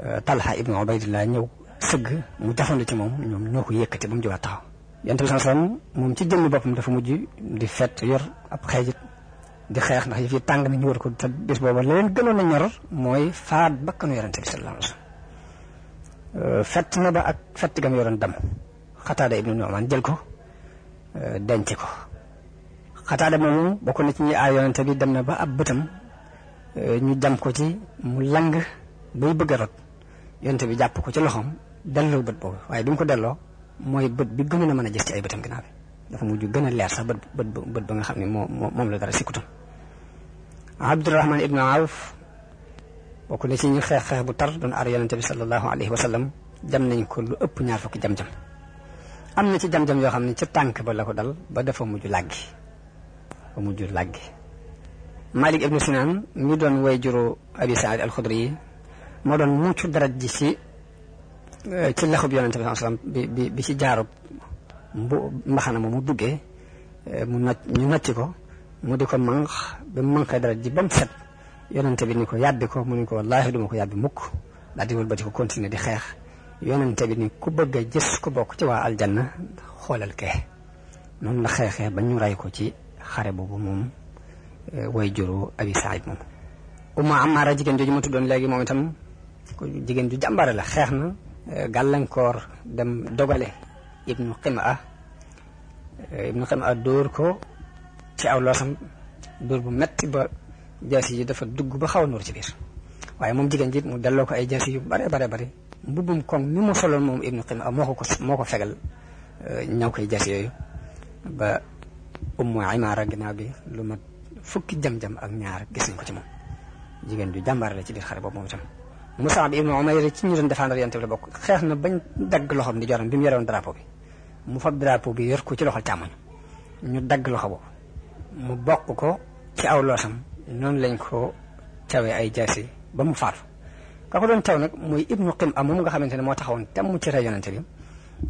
euh, Talha ibn Ubaydillah ñëw sëgg mu jafandu ci moom ñoom ñoo ko yëkkati ba mu jógaat taxaw yonent bi sax sam moom ci jëmmi boppam dafa mujj di fett yor ab xeejit di xeex ndax yi fi tàng na ñu war ko te bis booba la leen gënoon a ñor mooy faat bakkanu yonent bi sallallahu alayhi Euh, fett na ba ak fett gam yoroon dam xataada ibnu Nu'man jël ko euh, denc ko xataada moomu bokk na ci ñi aay yonente bi dem na ba ab bëtam euh, ñu jam ko ci mu lang bay bëgg a rot yonente bi jàpp ko ci loxoom delloo bët boobu waaye bi mu ko delloo mooy bët bi gën na mën a gis ci ay bëtam ginnaaw bi dafa mujj gën a leer sax bët bët ba nga xam ne moo moom la dara sikkutam Abdurahman ibnu Awf bokk ne ci ñu xeex xeex bu tar doon aar yonente bi sallallahu alayhi wa sallam jam nañ ko lu ëpp ñaar fukki jam-jam am na ci jam-jam yoo xam ne ca tànk ba la ko dal ba dafa mujj làggi ba mujj làggi Malik ibnu Sinan mi doon way juru Abi Saïd al yi moo doon mucc daraj ji ci eh, ci laxub yonente bi sallam bi bi ci jaarub mbu mbaxana mu duggee eh, mu nacc ñu nacc ko mu di ko mu manqee daraj ji ba mu set yonente bi ni ko yàbbi ko mu ni ko wallaahi duma ko yàbbi mukk daal di wëlbati ko continuer di xeex yonente bi ni ku bëgg a gis ku bokk ci waa aljanna xoolal kee noonu la xeexee ba ñu ray ko ci xare boobu moom eh, way juru abi saïd moom umma amaara jigéen jooju ma tuddoon léegi moom itam jigéen ju jàmbare la xeex na eh, gàllankoor dem dogale ibnu xima eh, ibnu xima dóor ko ci aw loosam dóor bu metti ba jaasi yi dafa dugg ba xaw a nuur ci biir waaye moom jigéen ji mu delloo ko ay jaasi yu bare bare bare mbubbum koŋ mi mu soloon moom ibnu xima moo ko ko moo ko fegal euh, ñaw koy jaasi yooyu ba ummu imaara ginnaaw bi lu mat fukki jam-jam ak ñaar gis nañ ko ci moom jigéen ju jàmbaar la ci biir xare boobu moom itam Musab ibnu Umayr ci ñu doon défendre yonent bi la bokk xeex na bañ dagg loxoom di joram bi mu yorewoon drapeau bi mu fab drapeau bi yor ko ci loxol càmmoñ ñu dagg loxo boobu mu bokk ko ci aw loosam noonu lañ ko tawee ay jaasi ba mu faatu ka ko doon taw nag muy ibnu qim am moom nga xamante ne moo taxawoon temm ci ray yonante bi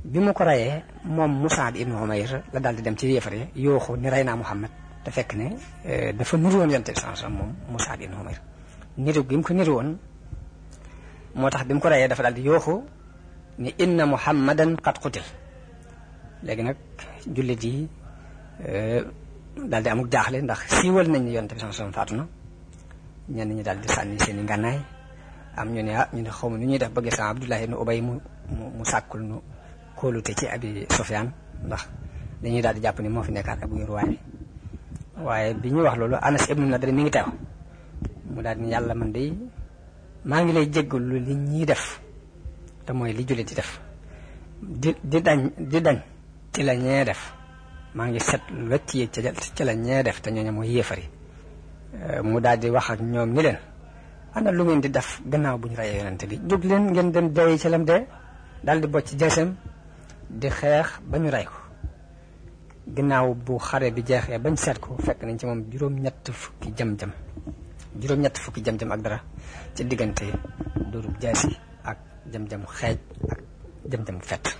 bi mu ko rayee moom Musaad ibnu Umayr la daal di dem ci yéefar yi yooxu ni ray naa Muhammad te fekk ne eh, dafa nuru woon te bi sans moom Musaad ibnu Umayr niru gi mu ko niru woon moo tax bi mu ko rayee dafa daal di yooxu ni inna Muhammadan qad qutil léegi nag jullit yi eh, daal di amuk jaaxle ndax siiwal nañ ne yonent bi sallallahu alayhi faatu na ñu ñi daal di sànni seen i ngànnaay am ñu ne ah ñu ne xaw ma nu ñuy def ba gis Abdullah ibn Ubay mu mu mu nu kóolute ci Abi Sufyaan ndax dañuy daal di jàpp ni moo fi nekkaat ak wéeruwaay bi waaye bi ñuy wax loolu Anas ibnu Nadr mi ngi teew mu daal ni yàlla man de maa ngi lay jéggalu li ñuy def te mooy li jullit di def di di dañ di la ñee def maa ngi set wecc yi ca la ñee def te ñooñu mooy yéefari eh, mu daal wax ak ñoom ni leen ana lu ngeen di def gannaaw bu ñu reyee yonente bi jóg leen ngeen dem dee ci lam dee daal di bocc jeesam di xeex ba ñu rey ko gannaaw bu xare bi jeexee bañ seet ko fekk nañ ci moom juróom-ñett fukki jam-jam juróom-ñett fukki jam-jam ak dara ci diggante dóorub jaas yi ak jam-jam xeej ak jam-jam fett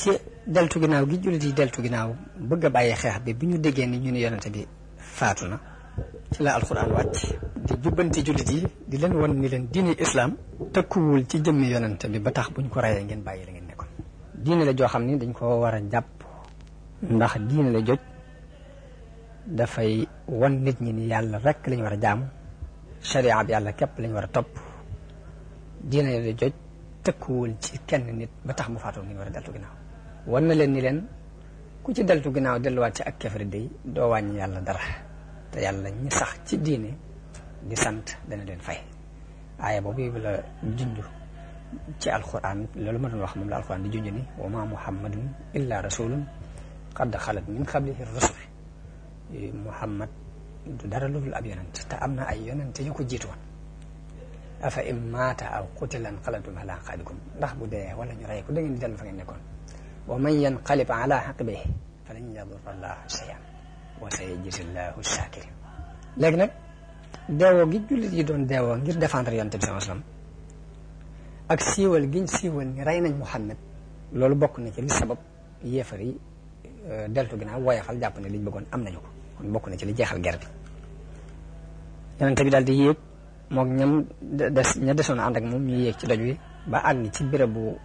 ci deltu ginnaaw gi jullit yi deltu ginnaaw bëgg a bàyyi xeex bi bu ñu déggee ni ñu ne yonente bi faatu na ci la alxuraan wàcc di jubbanti jullit yi di leen wan ni leen diine islaam tëkkuwul ci jëmmi yonente bi ba tax bu ñu ko reyee ngeen bàyyi la ngeen nekkoon diine la joo xam ni dañ ko war a jàpp ndax diine la joj dafay wan nit ñi ni yàlla rek lañ war a jaamu sharia bi yàlla képp lañ war a topp diine la joj tëkkuwul ci kenn nit ba tax mu faatu ngeen war wan na leen ni leen ku ci deltu ginnaaw delluwaat ci ak kefar day doo wàññi yàlla dara te yàlla ñi sax ci diine di sant dana leen fay aaya boobu la junj ci alquran loolu ma doon wax moom la alquran di junj ni wa ma muhammadun illa rasulun qad xalat min qablihi rusul muhammad du dara lu dul ab yonent te am na ay yonent yu ko jiitoon a in maata aw qutilan qalatum ala aqaabikum ndax bu dee wala ñu rey ko da ngeen di dellu fa ngeen nekkoon wa man yanqalib ala xaqibihi falan yadurra llaaha shay'an wa sayajzi llaahu shakirin léegi nag deewoo gi doon deewoo ngir défendre yonent bi sallallahu alayhi wasallam ak siiwal giñ siiwal ni rey nañ Muhammad loolu bokk na ci li sabab yéefar yi euh, deltu ginnaaw woyafal jàpp ne liñ bëggoon am nañu ko kon na ci li jeexal ger bi yonent bi daal di yéeg mook ñam des ña desoon ànd ak moom ñu yéeg ci doj wi ba àgg ci bérébu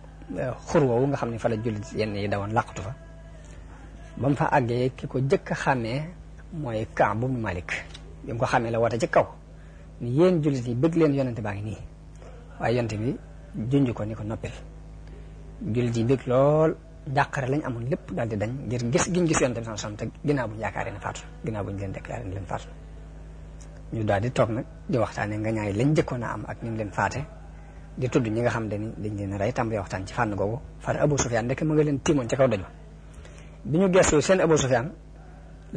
xur woowu nga xam ne fa la jullit yenn yi dawoon làqatu fa ba fa àggee ki ko jëkk a xàmmee mooy Kaab ibn Malik bi mu ko la woote ci kaw ni yéen jullit yi bëgg leen yonente baa ngi nii waaye bi junj ni ko noppil jullit yi lool jàqare lañ amoon lépp daal di dañ ngir gis giñ gis yonente bi sallallahu alayhi wasallam te ginnaaw buñ yaakaaree leen déclaré ne leen faatu ñu daal di toog nag di waxtaanee nga ñaay lañ jëkkoon a am ak ni leen faate di tudd ñi nga xam ne ni dañ leen rey tàmbali waxtaan ci fànn googu far Abu Sufyaan ndekk mu nga leen tiimoon ci kaw doj bi ñu gëstu seen Abu Sufyaan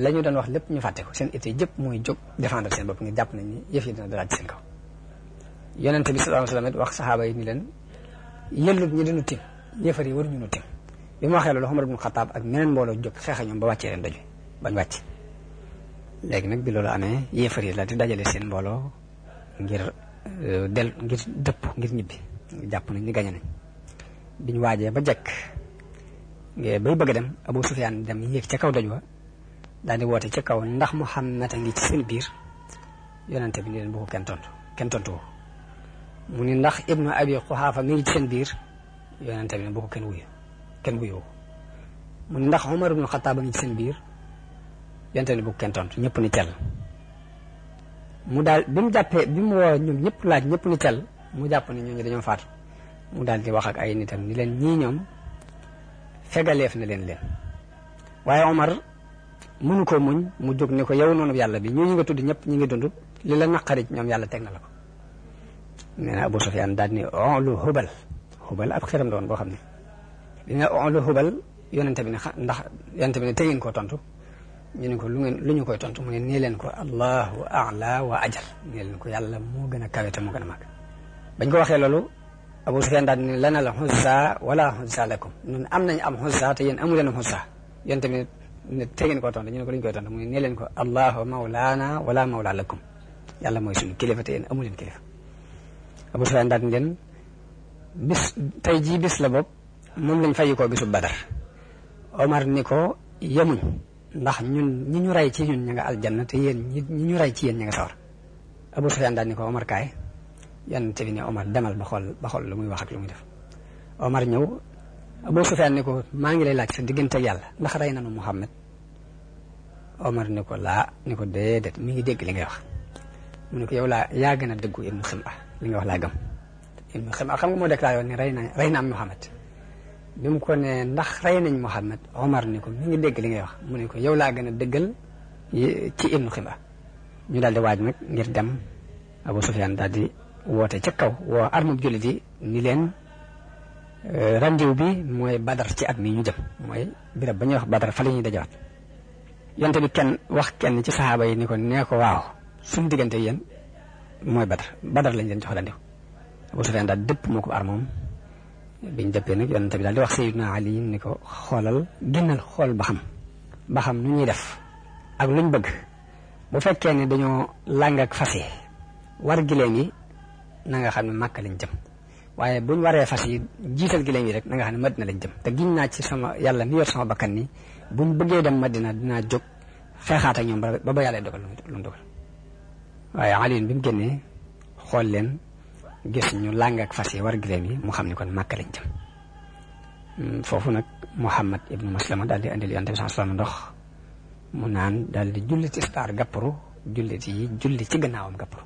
la ñu doon wax lépp ñu fàtte ko seen été jëpp muy jóg défendre seen bopp ngir jàpp nañ ni yëf yi dina dalaat bi sallallahu alayhi wasallam wax saxaaba yi ni leen yellut ñi dinu tiim yëfar yi ñu nu tiim bi mu waxee loolu Umar ibn Xattaab ak meneen mbooloo jóg xeex ñoom ba wàccee leen doj bañ wàcc léegi nag bi loolu amee yëfar yi la di dajale seen mbooloo ngir Euh, del ngir dëpp ngir ñibbi jàpp nañ ni gañe nañ biñ waajee ba jekk bay bëgg dem Abu Sufyaan dem yéeg ca kaw doj wa daal di woote ca kaw ndax Muhammad a ngi ci seen biir yonente bi ni leen bu ko kenn mu ni ndax Ibnu Abi Quhaafa mi ngi ci seen biir yonente bi ne bu ko kenn wuyu kenn wuyu mu ni ndax Umar ibnu Xataab a ngi ci seen biir yonente bi ne bu ko kenn tontu ñëpp ni tell mu daal bi mu jàppee bi woo ñoom ñëpp laaj ñëpp ni tel mu jàpp ne ñooñu dañoo faatu mu daal di wax ak ay nitam ni leen ñii ñoom fegaleef na leen leen waaye Omar mënu ko muñ mu jóg ne ko yow noonu yàlla bi ñooñu nga tudd ñëpp ñi ngi dund li la naqari ñoom yàlla teg na la ko nee na Abu Sufyaan daal ni onlu hubal hubal ab xiram doon boo xam ne dina onlu hubal yonente bi ne ndax yonente bi ne ko tontu ñu ne ko lu ngeen lu ñu koy tontu mu ne nee leen ko allahu ala wa ajar nee leen ko yàlla moo gën a kawe te moo gën a màgg bañ ko waxee loolu Abu Sufyaan daal ne lana la xussa wala xussa lakum ñun am nañ am xussa te yéen amu leen xussa yéen tamit ne te ngeen ko tontu ñu ne ko lu ñu koy tontu mu ne nee leen ko allahu mawlaana wala mawla lakum yàlla mooy suñu kilifa te yéen amu leen kilifa Abu Sufyaan la bopp moom lañ fay koo bisu Badar Omar ni ko yemuñ ndax ñun ñu rey ci ñun ñu nga aljanna te yéen ñu rey ci yéen ñu nga sawar Abu Sufyaan daal ni ko Omar kaay yonent bi ne Omar demal ba xool ba xool lu muy wax ak lu muy def Omar ñëw Abu Sufyaan ni ko maa ngi lay laaj sa diggante yàlla ndax rey na nanu Muhammad Omar ni ko laa ni ko déedéet mi ngi dégg li ngay wax mu ne ko yow laa yaa gën a dëggu Ibnu Xima li nga wax laa gëm Ibnu Xima xam nga moo déclaré woon ne rey naa rey naa Muhammad bi mu ko ne ndax rey nañ Muhammad Omar ni ko mi ngi dégg li ngay wax mu ni ko yow laa gën a dëggal ci ibnu xiba ñu daal di waaj nag ngir dem Abu Sufyaan daal woote ca kaw woo armab jullit yi ni leen euh, rendiw bi mooy badar ci at mi ñu jëm mooy birab ba ñu wax badar fa la ñuy dajawaat yonte bi kenn wax kenn ci saxaaba yi ni ko nee ko waaw suñu diggante yéen mooy badar badar lañ leen jox rendiw Abu Sufyaan daal dëpp moo ko armoom biñ dëppee nag yonent bi daal di wax Seydina Ali ni ko xoolal génnal xool ba xam ba xam nu ñuy def ak luñ bëgg bu fekkee ni dañoo làng ak fas yi war giléem yi nanga xam ne Màkka lañ jëm waaye buñ waree fas yi jiital giléem yi rek na nga xam ne Madina lañ jëm te giñ naa ci sama yàlla ni yor sama bakkan ni buñ bëggee dem Madina dinaa jóg xeexaat ak ñoom ba ba yàlla dogal lu dogal waaye Ali bi mu génnee xool leen gis ñu làng ak fas yi war gileem yi mu xam ne kon màkk lañ jëm hmm, foofu nag Muhammad ibnu Maslama daal di andil yonte bi sallallahu alayhi ndox mu naan daal di julli ci star gàpparu jullit yi julli ci gannaawam gàpparu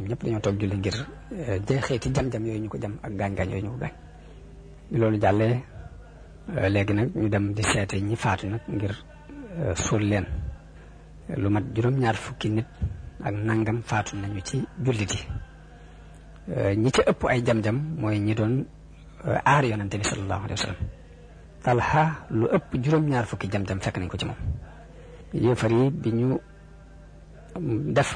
ñëpp dañoo toog julli ngir eh, jeexee ci jam-jam yooyu ñu ko jam ak gaañ-gaañ yooyu ñu ko gaañ loolu jàllee eh, léegi nag ñu dem di seete ñi faatu nag ngir eh, suul leen lu mat juróom-ñaar fukki nit ak nangam faatu nañu ci jullit yi ñi ca ëpp ay jam-jam mooy ñi doon eh, aar yonante bi sallallahu alayhi wa sallam talxa lu ëpp juróom-ñaar fukki jam-jam fekk nañ ko ci moom yéefar ñu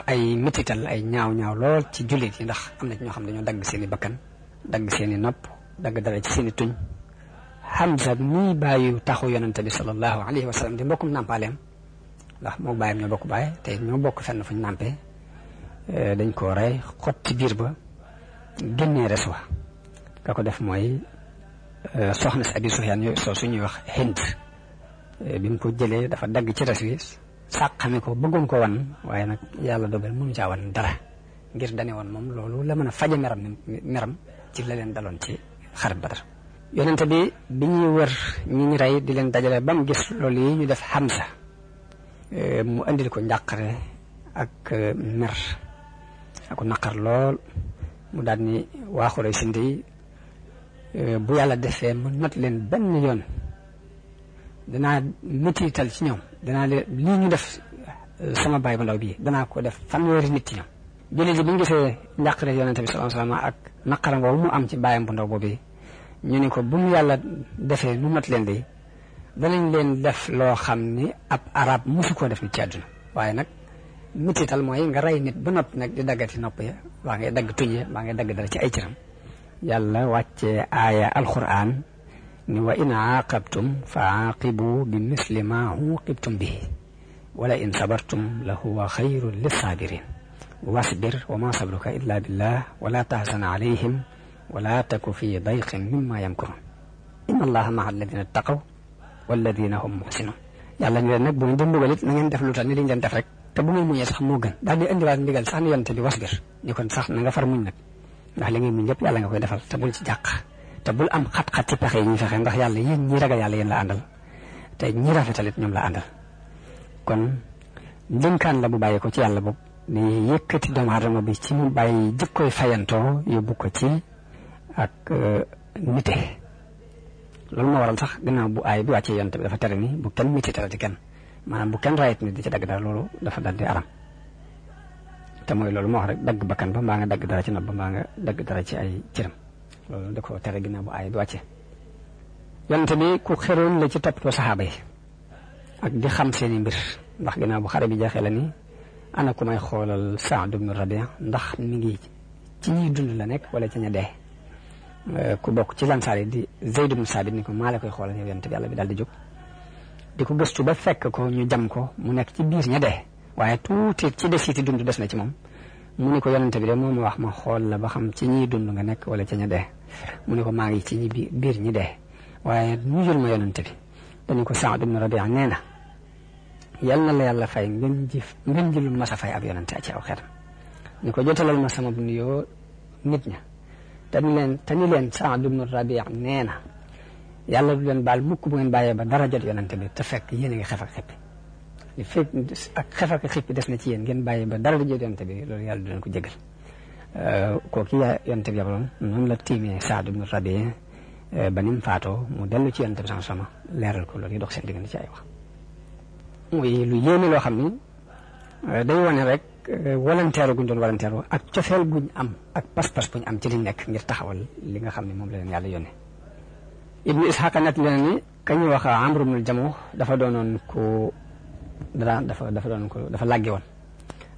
ay metital ay ñaaw-ñaaw lool ci jullit yi ndax am na ci ñoo xam dañoo dagg seen i bakkan dagg seen i dagg dara ci seen i tuñ Hamza mii bàyyi taxu yonante bi sallallahu alayhi wa sallam di mbokkum nàmpaaleem ndax moo bàyyam ñoo bokk bàyyi te ñoo bokk fenn fuñ nàmpee eh, dañ ko rey ci biir ba génnee res wa ka ko def mooy euh, soxna si abi sufyaan yooyu soo suñuy wax hind euh, bi mu ko jëlee dafa dagg ci res wi sàqame ko bëggoon ko wan waaye nag yàlla dogal mënu caa wan dara ngir dane woon moom loolu la mën a faje meram meram ci la leen daloon ci xarit Badar yonente bi bi ñuy wër ñi ñu rey di leen dajale ba mu gis loolu yi ñu def Hamza euh, mu indil ko njàqare ak mer aku naqar lool mu daal ni waa Quraysh yi eh, bu yàlla defee ma not leen benn yoon danaa mettital ci ñoom danaa leen lii ñu def eh, sama baay bu ndaw bii danaa ko def fanweeri nit ci ñoom. jullit yi bi ñu gisee njàqare yonente bi ak naqaram boobu am ci baayam bu ndaw boobu ñu ne ko bu mu yàlla defee mu not leen de danañ leen def loo xam ni ab arab musu koo def nit ci àdduna waaye nag. mutital mooy nga rey nit ba noppi nag di daggati nopp ya waa ngay dagg tujje waa ngay dagg dara ci ay cëram yàlla wàcce aaya alquran ni wa in aaqabtum fa aaqibu bi misli ma uqibtum bihi wala in sabartum la huwa xayru lissaabirin wasbir wa ma sabruka illa billah wala tahzan alayhim wala taku fi dayqin mimma yamkurun inna allaha maa alladina taqaw walladina hum muxsinun yàlla ni leen nag bu ñu dëndugal it na ngeen def lu tal ni liñ leen def rek te bu muy muñee sax moo gën daal di indiwaat ndigal sax ni yonte bi wasbir ni kon sax na nga far muñ nag ndax li ngay muñ yëpp yàlla nga koy defal te bul ci jàq te bul am xat-xat ci pexe yi ñuy fexe ndax yàlla yi ñi ragal yàlla yéen la àndal te ñi rafetalit ñoom la àndal kon ndénkaan la bu bàyyi ko ci yàlla boobu ni yëkkati doomu aadama bi ci mu bàyyi jikkoy fayantoo yóbbu ko ci ak euh, nite loolu moo waral sax gannaaw bu ay bi wàccee yonte bi dafa tere ni bu kenn miti tere ci kenn maanaam bu kenn rayet ni di ci dagg dara loolu dafa dal di aram te mooy loolu moo wax rek dagg bakkan ba mbaa dagg dara ci nopp ba mbaa nga dagg dara ci ay cëram loolu da ko tere ginnaaw bu aay bi wàcce yonte ku xeroon la ci toppatoo saxaaba yi ak di xam seeni mbir ndax ginnaaw bu xare bi jeexee la ni ana ku may xoolal Saad ibn Rabi'a ndax mi ngi ci ñiy dund la nekk wala ci ña dee ku bokk ci lansaar yi di Zayd ibn Saabit ni ko maa la koy xoolal yow yonte bi yàlla bi daal di jóg di ko gëstu ba fekk ko ñu jam ko mu nekk ci biir ña dee waaye tuuti ci desiti dund des na ci moom mu ne ko yonente bi de moom wax ma xool la ba xam ci ñiy dund nga nekk wala ca ña dee mu ne ko maa ngi ci ñi biir ñi dee waaye nuyul ma yonente bi dañu ko Saad ibn Rabia nee na yal na la yàlla fay ngeen ji ngeen jëlul ma sa fay ab yonente ci aw xeetam ni ko jotalal ma sama nuyoo nit ña te ni leen te ni leen Saad ibn Rabia nee na yàlla du leen baal mukk bu ngeen bàyyee ba dara jot yonante bi te fekk yéen a ngi xef ak xippi li fekk ak xef ak xippi na ci yéen ngeen bàyyee ba dara jot yonante bi loolu yàlla du leen ko jégal euh, kooku yaa yonante bi yabaloon noonu la tiimee Saad ibnu Rabi euh, ba ni mu faatoo mu dellu ci yonante bi sama sama leeral ko loolu yi dox seen diggante ci ay wax muy lu yéeme loo xam ni euh, day wane rek walanteeru guñ doon walanteeru ak cofeel guñ am ak pas-pas buñ am ci liñ nekk ngir taxawal li nga xam ne moom la leen yàlla yónnee ibnu isxaqa nett leen ni ka ñuy wax amru bnul jamuh dafa doonoon ku dara dafa dafa doonoon ku dafa làggi woon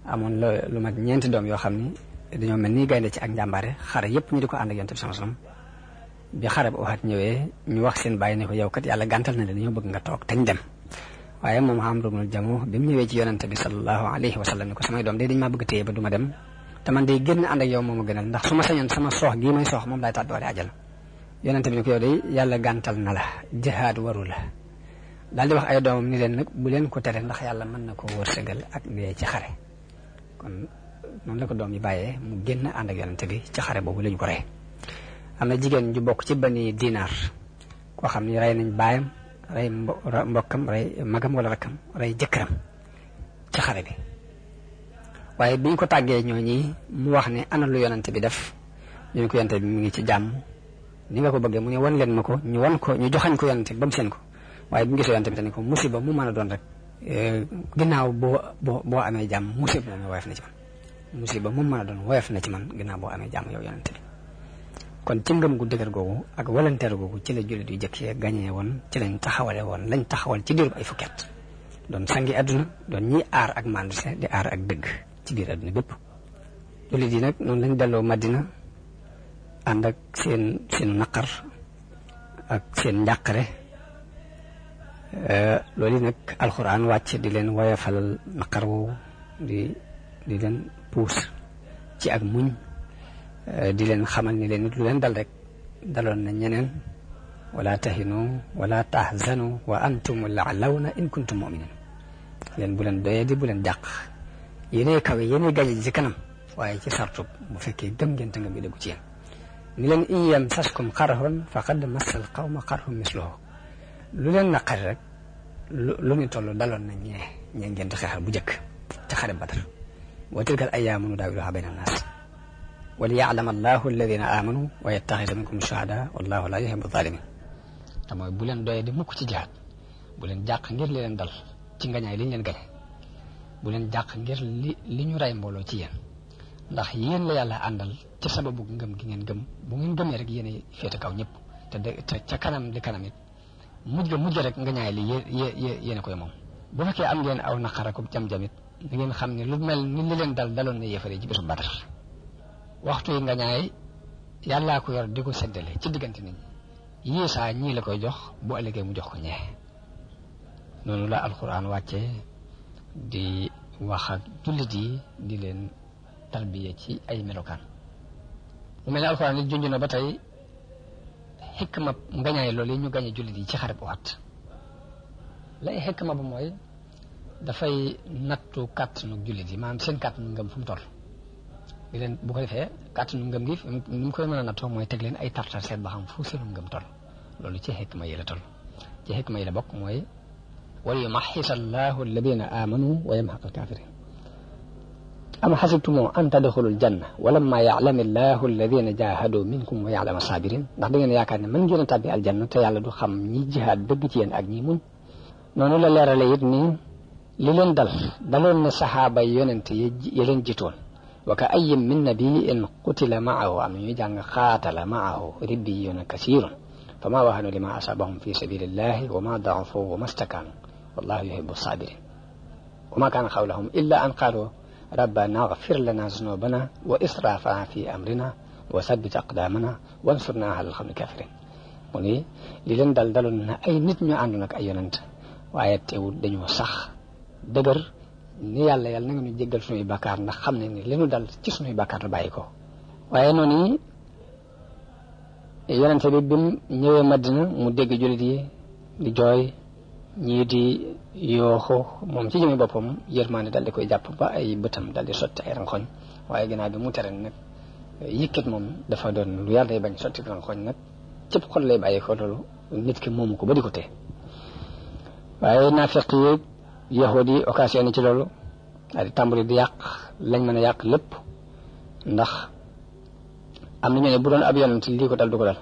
amoon la lu mag ñeenti doom yoo xam ni dañoo mel nii gaynde ci ak njàmbaare xare yëpp ñu di ko ànd ak yonent bi sallallahu alayhi wasallam bi na la dañoo bëgg nga toog tañ dem waaye moom amru bnul jamuh bi ñëwee ci yonent bi sallallahu alayhi wasallam ni ko samay doom day dañ maa bëgg téye ba du dem te man génn ànd ak yow moom a gënal ndax su sañoon sama soox gii may soox moom laay tàddoole ajal yonente bi ne ko yow day yàlla gàntal na la jihaad waru la daal di wax ay doomam ni leen nag bu leen ko tere ndax yàlla mën na ko wërsëgal ak dee ci xare kon noonu la ko doom yi bàyyee mu génn ànd ak yonente bi ci xare boobu lañ ko am na jigéen ju bokk ci bani dinaar koo xam ni rey nañ baayam rey mbokkam magam wala rakkam rey jëkkëram ci xare bi waaye biñ ko tàggee ñooñi mu wax ne ana lu yonente bi def ñu ko yonente bi mu ngi ci jàmm ni nga ko bëggee mu ne wan leen ma ko ñu wan ko ñu joxañ ko yonent ba mu seen ko waaye bu ñu gisee yonent bi tamit ko musiba mu mën a doon rek eh, ginnaaw boo boo boo amee jàmm mu moom woyof na ci man musiba mu mën a doon woyof na ci man ginnaaw boo amee jàmm yow yonent bi kon ci ngëm gu dëgër googu ak walanteer googu ci la di yu jëkkee gañee woon ci lañ taxawale woon lañ taxawal ci diirub ay fukket doon sangi àdduna doon ñiy aar ak manduse di aar ak dëgg ci biir àdduna bépp jullit yi nag noonu lañ delloo Madina ànd ak seen seenu naqar ak seen njàqare euh, loolu yi nag alxuraan wàcc di leen woyofalal naqar woowu di di leen puus ci ak muñ euh, di leen xamal ni leen nit leen dal rek daloon na ñeneen wala tahinu wala tahzanu wa antum na in kuntum muminin leen bu leen doyee di bu leen jàq yéenay kawe yéenay gaje ji ci kanam waaye ci sartub bu fekkee gëm ngeen te ngëm gi dëggu ni leen in yamsaskum qarhun faqad massal qawma qarhun misluhu lu leen naqari rek lu ñu toll daloon na ñee ñee ngeen di xeexal bu njëkk ca xare Badar wa tilka al-ayyaamu nudaawiluhaa bayna an-naas wa liya'lama allahu alladina amanu wa yattaxida minkum shuhadaa laa yuhibbu zaalimiin te bu leen doyee di mukk ci jihaad bu leen jàq ngir leen dal ci nga li ñu leen gane bu leen jàq ngir li ñu ray mbooloo ci yéen ndax yéen la yàlla àndal ca sababu ngëm gi ngeen gëm bu ngeen gëmee rek yéen a kaw ñëpp te de ca kanam di kanam it mujj mujj rek nga ñaay li yé yéen a koy moom. bu fekkee am ngeen aw naqaraku jam-jamit ngeen xam ne lu mel ni leen dal daloon na yéefare ci bésu Badar waxtu yi nga ñaay yàllaa ko yor di ko seddale ci diggante ni ñi yéesaa ñii la koy jox bu ëllëgee mu jox ko ñee noonu la alquran wàcce di wax ak jullit yi di leen. tarbiya ci ay melokaan mu mel ne alxuraan yi junj na ba tey xikma ngañaay loolu ñu gañe jullit yi ci xare bu waat lay xikma bu mooy dafay nattu kàttanu jullit yi maanaam seen kàttanu ngëm fu mu toll di leen bu ko defee kàttanu gi ni koy mën a mooy teg leen ay tartar seet ba xam fu seenu ngëm toll loolu ci xikma yi la toll ci xikma yi la bokk mooy wal yumaxis allahu alladina amanu wa yamxaq alkafirin am xasibtumoo an tadxulul janna walamma yaalami llahu alladina jahadu minkum wa yaalama sabirin ndax da ngeen yaakaar ne mën ngeen a tàbbi aljanna te yàlla du xam ñi jihaad dëgg ci yéen ak ñi muñ noonu la leerale it ni li leen dal daloon na saxaaba yonent ya leen jitoon wa ka ayin min nabiin qutila maahu am ñuy jàng xaatala maahu ribbiyuna kasirun fa ma waxanu li ma asabahum fi sabilillahi wa ma daafu wa ma stakaanu wallahu yuhibu sabirin wa ma kaana xawlahum illa an qaaloo ربنا اغفر لنا ذنوبنا وإسرافنا في أمرنا وثبت أقدامنا وانصرنا على القوم الكافرين mu ne li leen dal daloon na ay nit ñu àndoon ak ay yonent waaye teewul dañoo sax dëgër ni yàlla yàlla na nga ñu jéggal suñuy bàkkaar ndax xam ne ni li dal ci suñuy bàkkaar la bàyyi ko waaye noonu yonente bi bi mu ñëwee Madina mu dégg jullit di jooy ñii di yooxu moom ci jëmi boppam yërmaande daal di koy jàpp ba ay bëtam daal di sotti ay rankoñ waaye ginnaaw bi mu tere nag yëkkat moom dafa doon lu yàlla day bañ sotti rankoñ nag cëpp xol lay bàyyi ko nit ki moomu ko ba di ko tee waaye naafeq yi yahud yi occasion ci loolu daal di tàmbali di yàq lañ ma a yàq lépp ndax am na ñu ne bu doon ab yonent lii ko dal du dal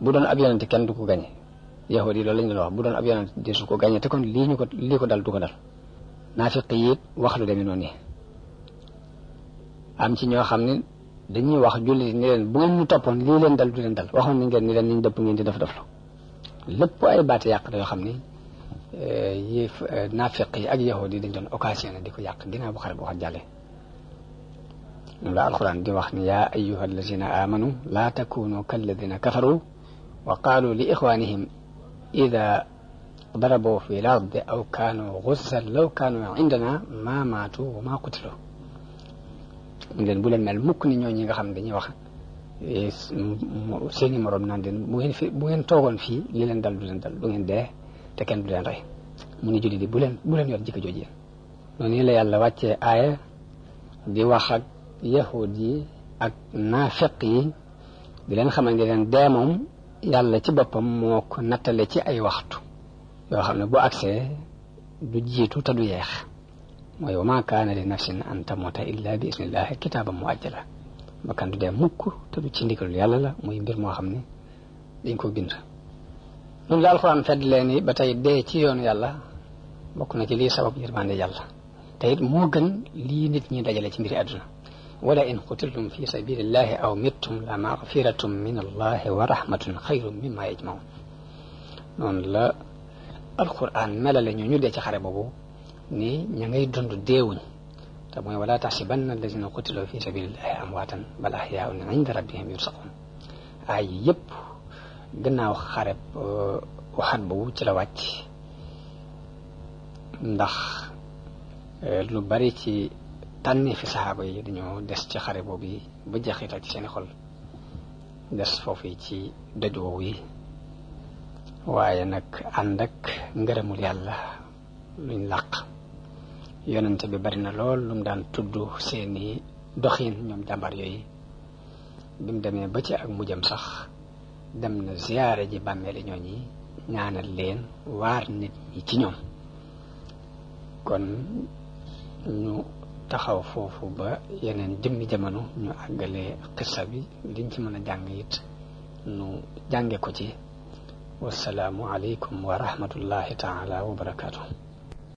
bu doon ab yonent kenn du ko gañe yahudi loolu lañ leen wax bu doon ab yonent di su ko gàññe te kon lii ñu ko lii ko dal du ko dal naafiq yi it wax lu demee noonu yi am ci ñoo xam ne dañuy wax jullit ni leen bu ngeen ñu toppoon lii leen dal du leen dal waxoon nañ ngeen ni leen niñ dëpp ngeen di def def lu lépp ay baati yàq la yoo xam ni eh, yi eh, naafiq yi ak yahudi dañ doon occasionné di ko yàq ginnaaw bu xare bu wax jàllee moom la alxuraan di wax ni yaa ayyuha alladina amanu laa takunu kalladina kafaru wa qaalu li ixwanihim إذا ضربوا في الأرض أو كانوا غزا لو كانوا عندنا ما ماتوا وما قتلوا ngeen bu leen mel mukk ni ñoo ñi nga xam dañuy wax seeni morom naan den bu ngeen fi fii li leen dal du leen dal du ngeen dee te kenn du leen rey mu ni julli di bu leen bu leen yor jikko jooju yéen noonu la yàlla wàccee di wax ak yahud ak naafiq di leen xamal dee moom yàlla ci boppam moo ko nattale ci ay waxtu yoo xam ne boo agsee du jiitu te du yeex mooy wa ma kaana li nafsin an tamuta illa bi ismillahi kitaaban mu ajjala bakkan du dee mukk te du ci ndigalul yàlla la muy mbir moo xam ne dañ ko bind loolu la alxuraan fedd leen ba tey dee ci yoon yàlla bokk na ci lii sabab yërmande yàlla te it moo gën lii nit ñi dajale ci mbiri àdduna ولئن قتلتم في سبيل الله أو متم لمغفرة من الله ورحمة خير مما يجمعون noonu la alquran melale ñu ñu dee ci xare boobu ni ña ngay dund deewuñ te mooy wala taxsibanna alladina qutilu fi sabilillahi amwaatan bal ahyaun inda rabbihim yursaqun ay yëpp gannaaw xare uh, waxat boobu ci la wàcc ndax uh, lu bari ci tànnee fi saxaaba yi dañoo des ci xare boobu yi ba jeexital ci seeni xol des foofu yi ci doj yi waaye nag ànd ak ngërëmul yàlla luñ làq yonente bi bari na lool lu daan tudd seeni doxin ñoom jàmbar yooyu bi demee ba ci ak mujjam sax dem na ziyaare ji bàmmeeli ñooñi ñaanal leen waar nit ñi ci ñoom kon ñu taxaw foofu ba yeneen jëmmi jamono ñu àggalee xissa bi liñ ci mën a jàng it nu jànge ko ci wasalaamu aleykum wa rahmatullahi taala wa barakaatu.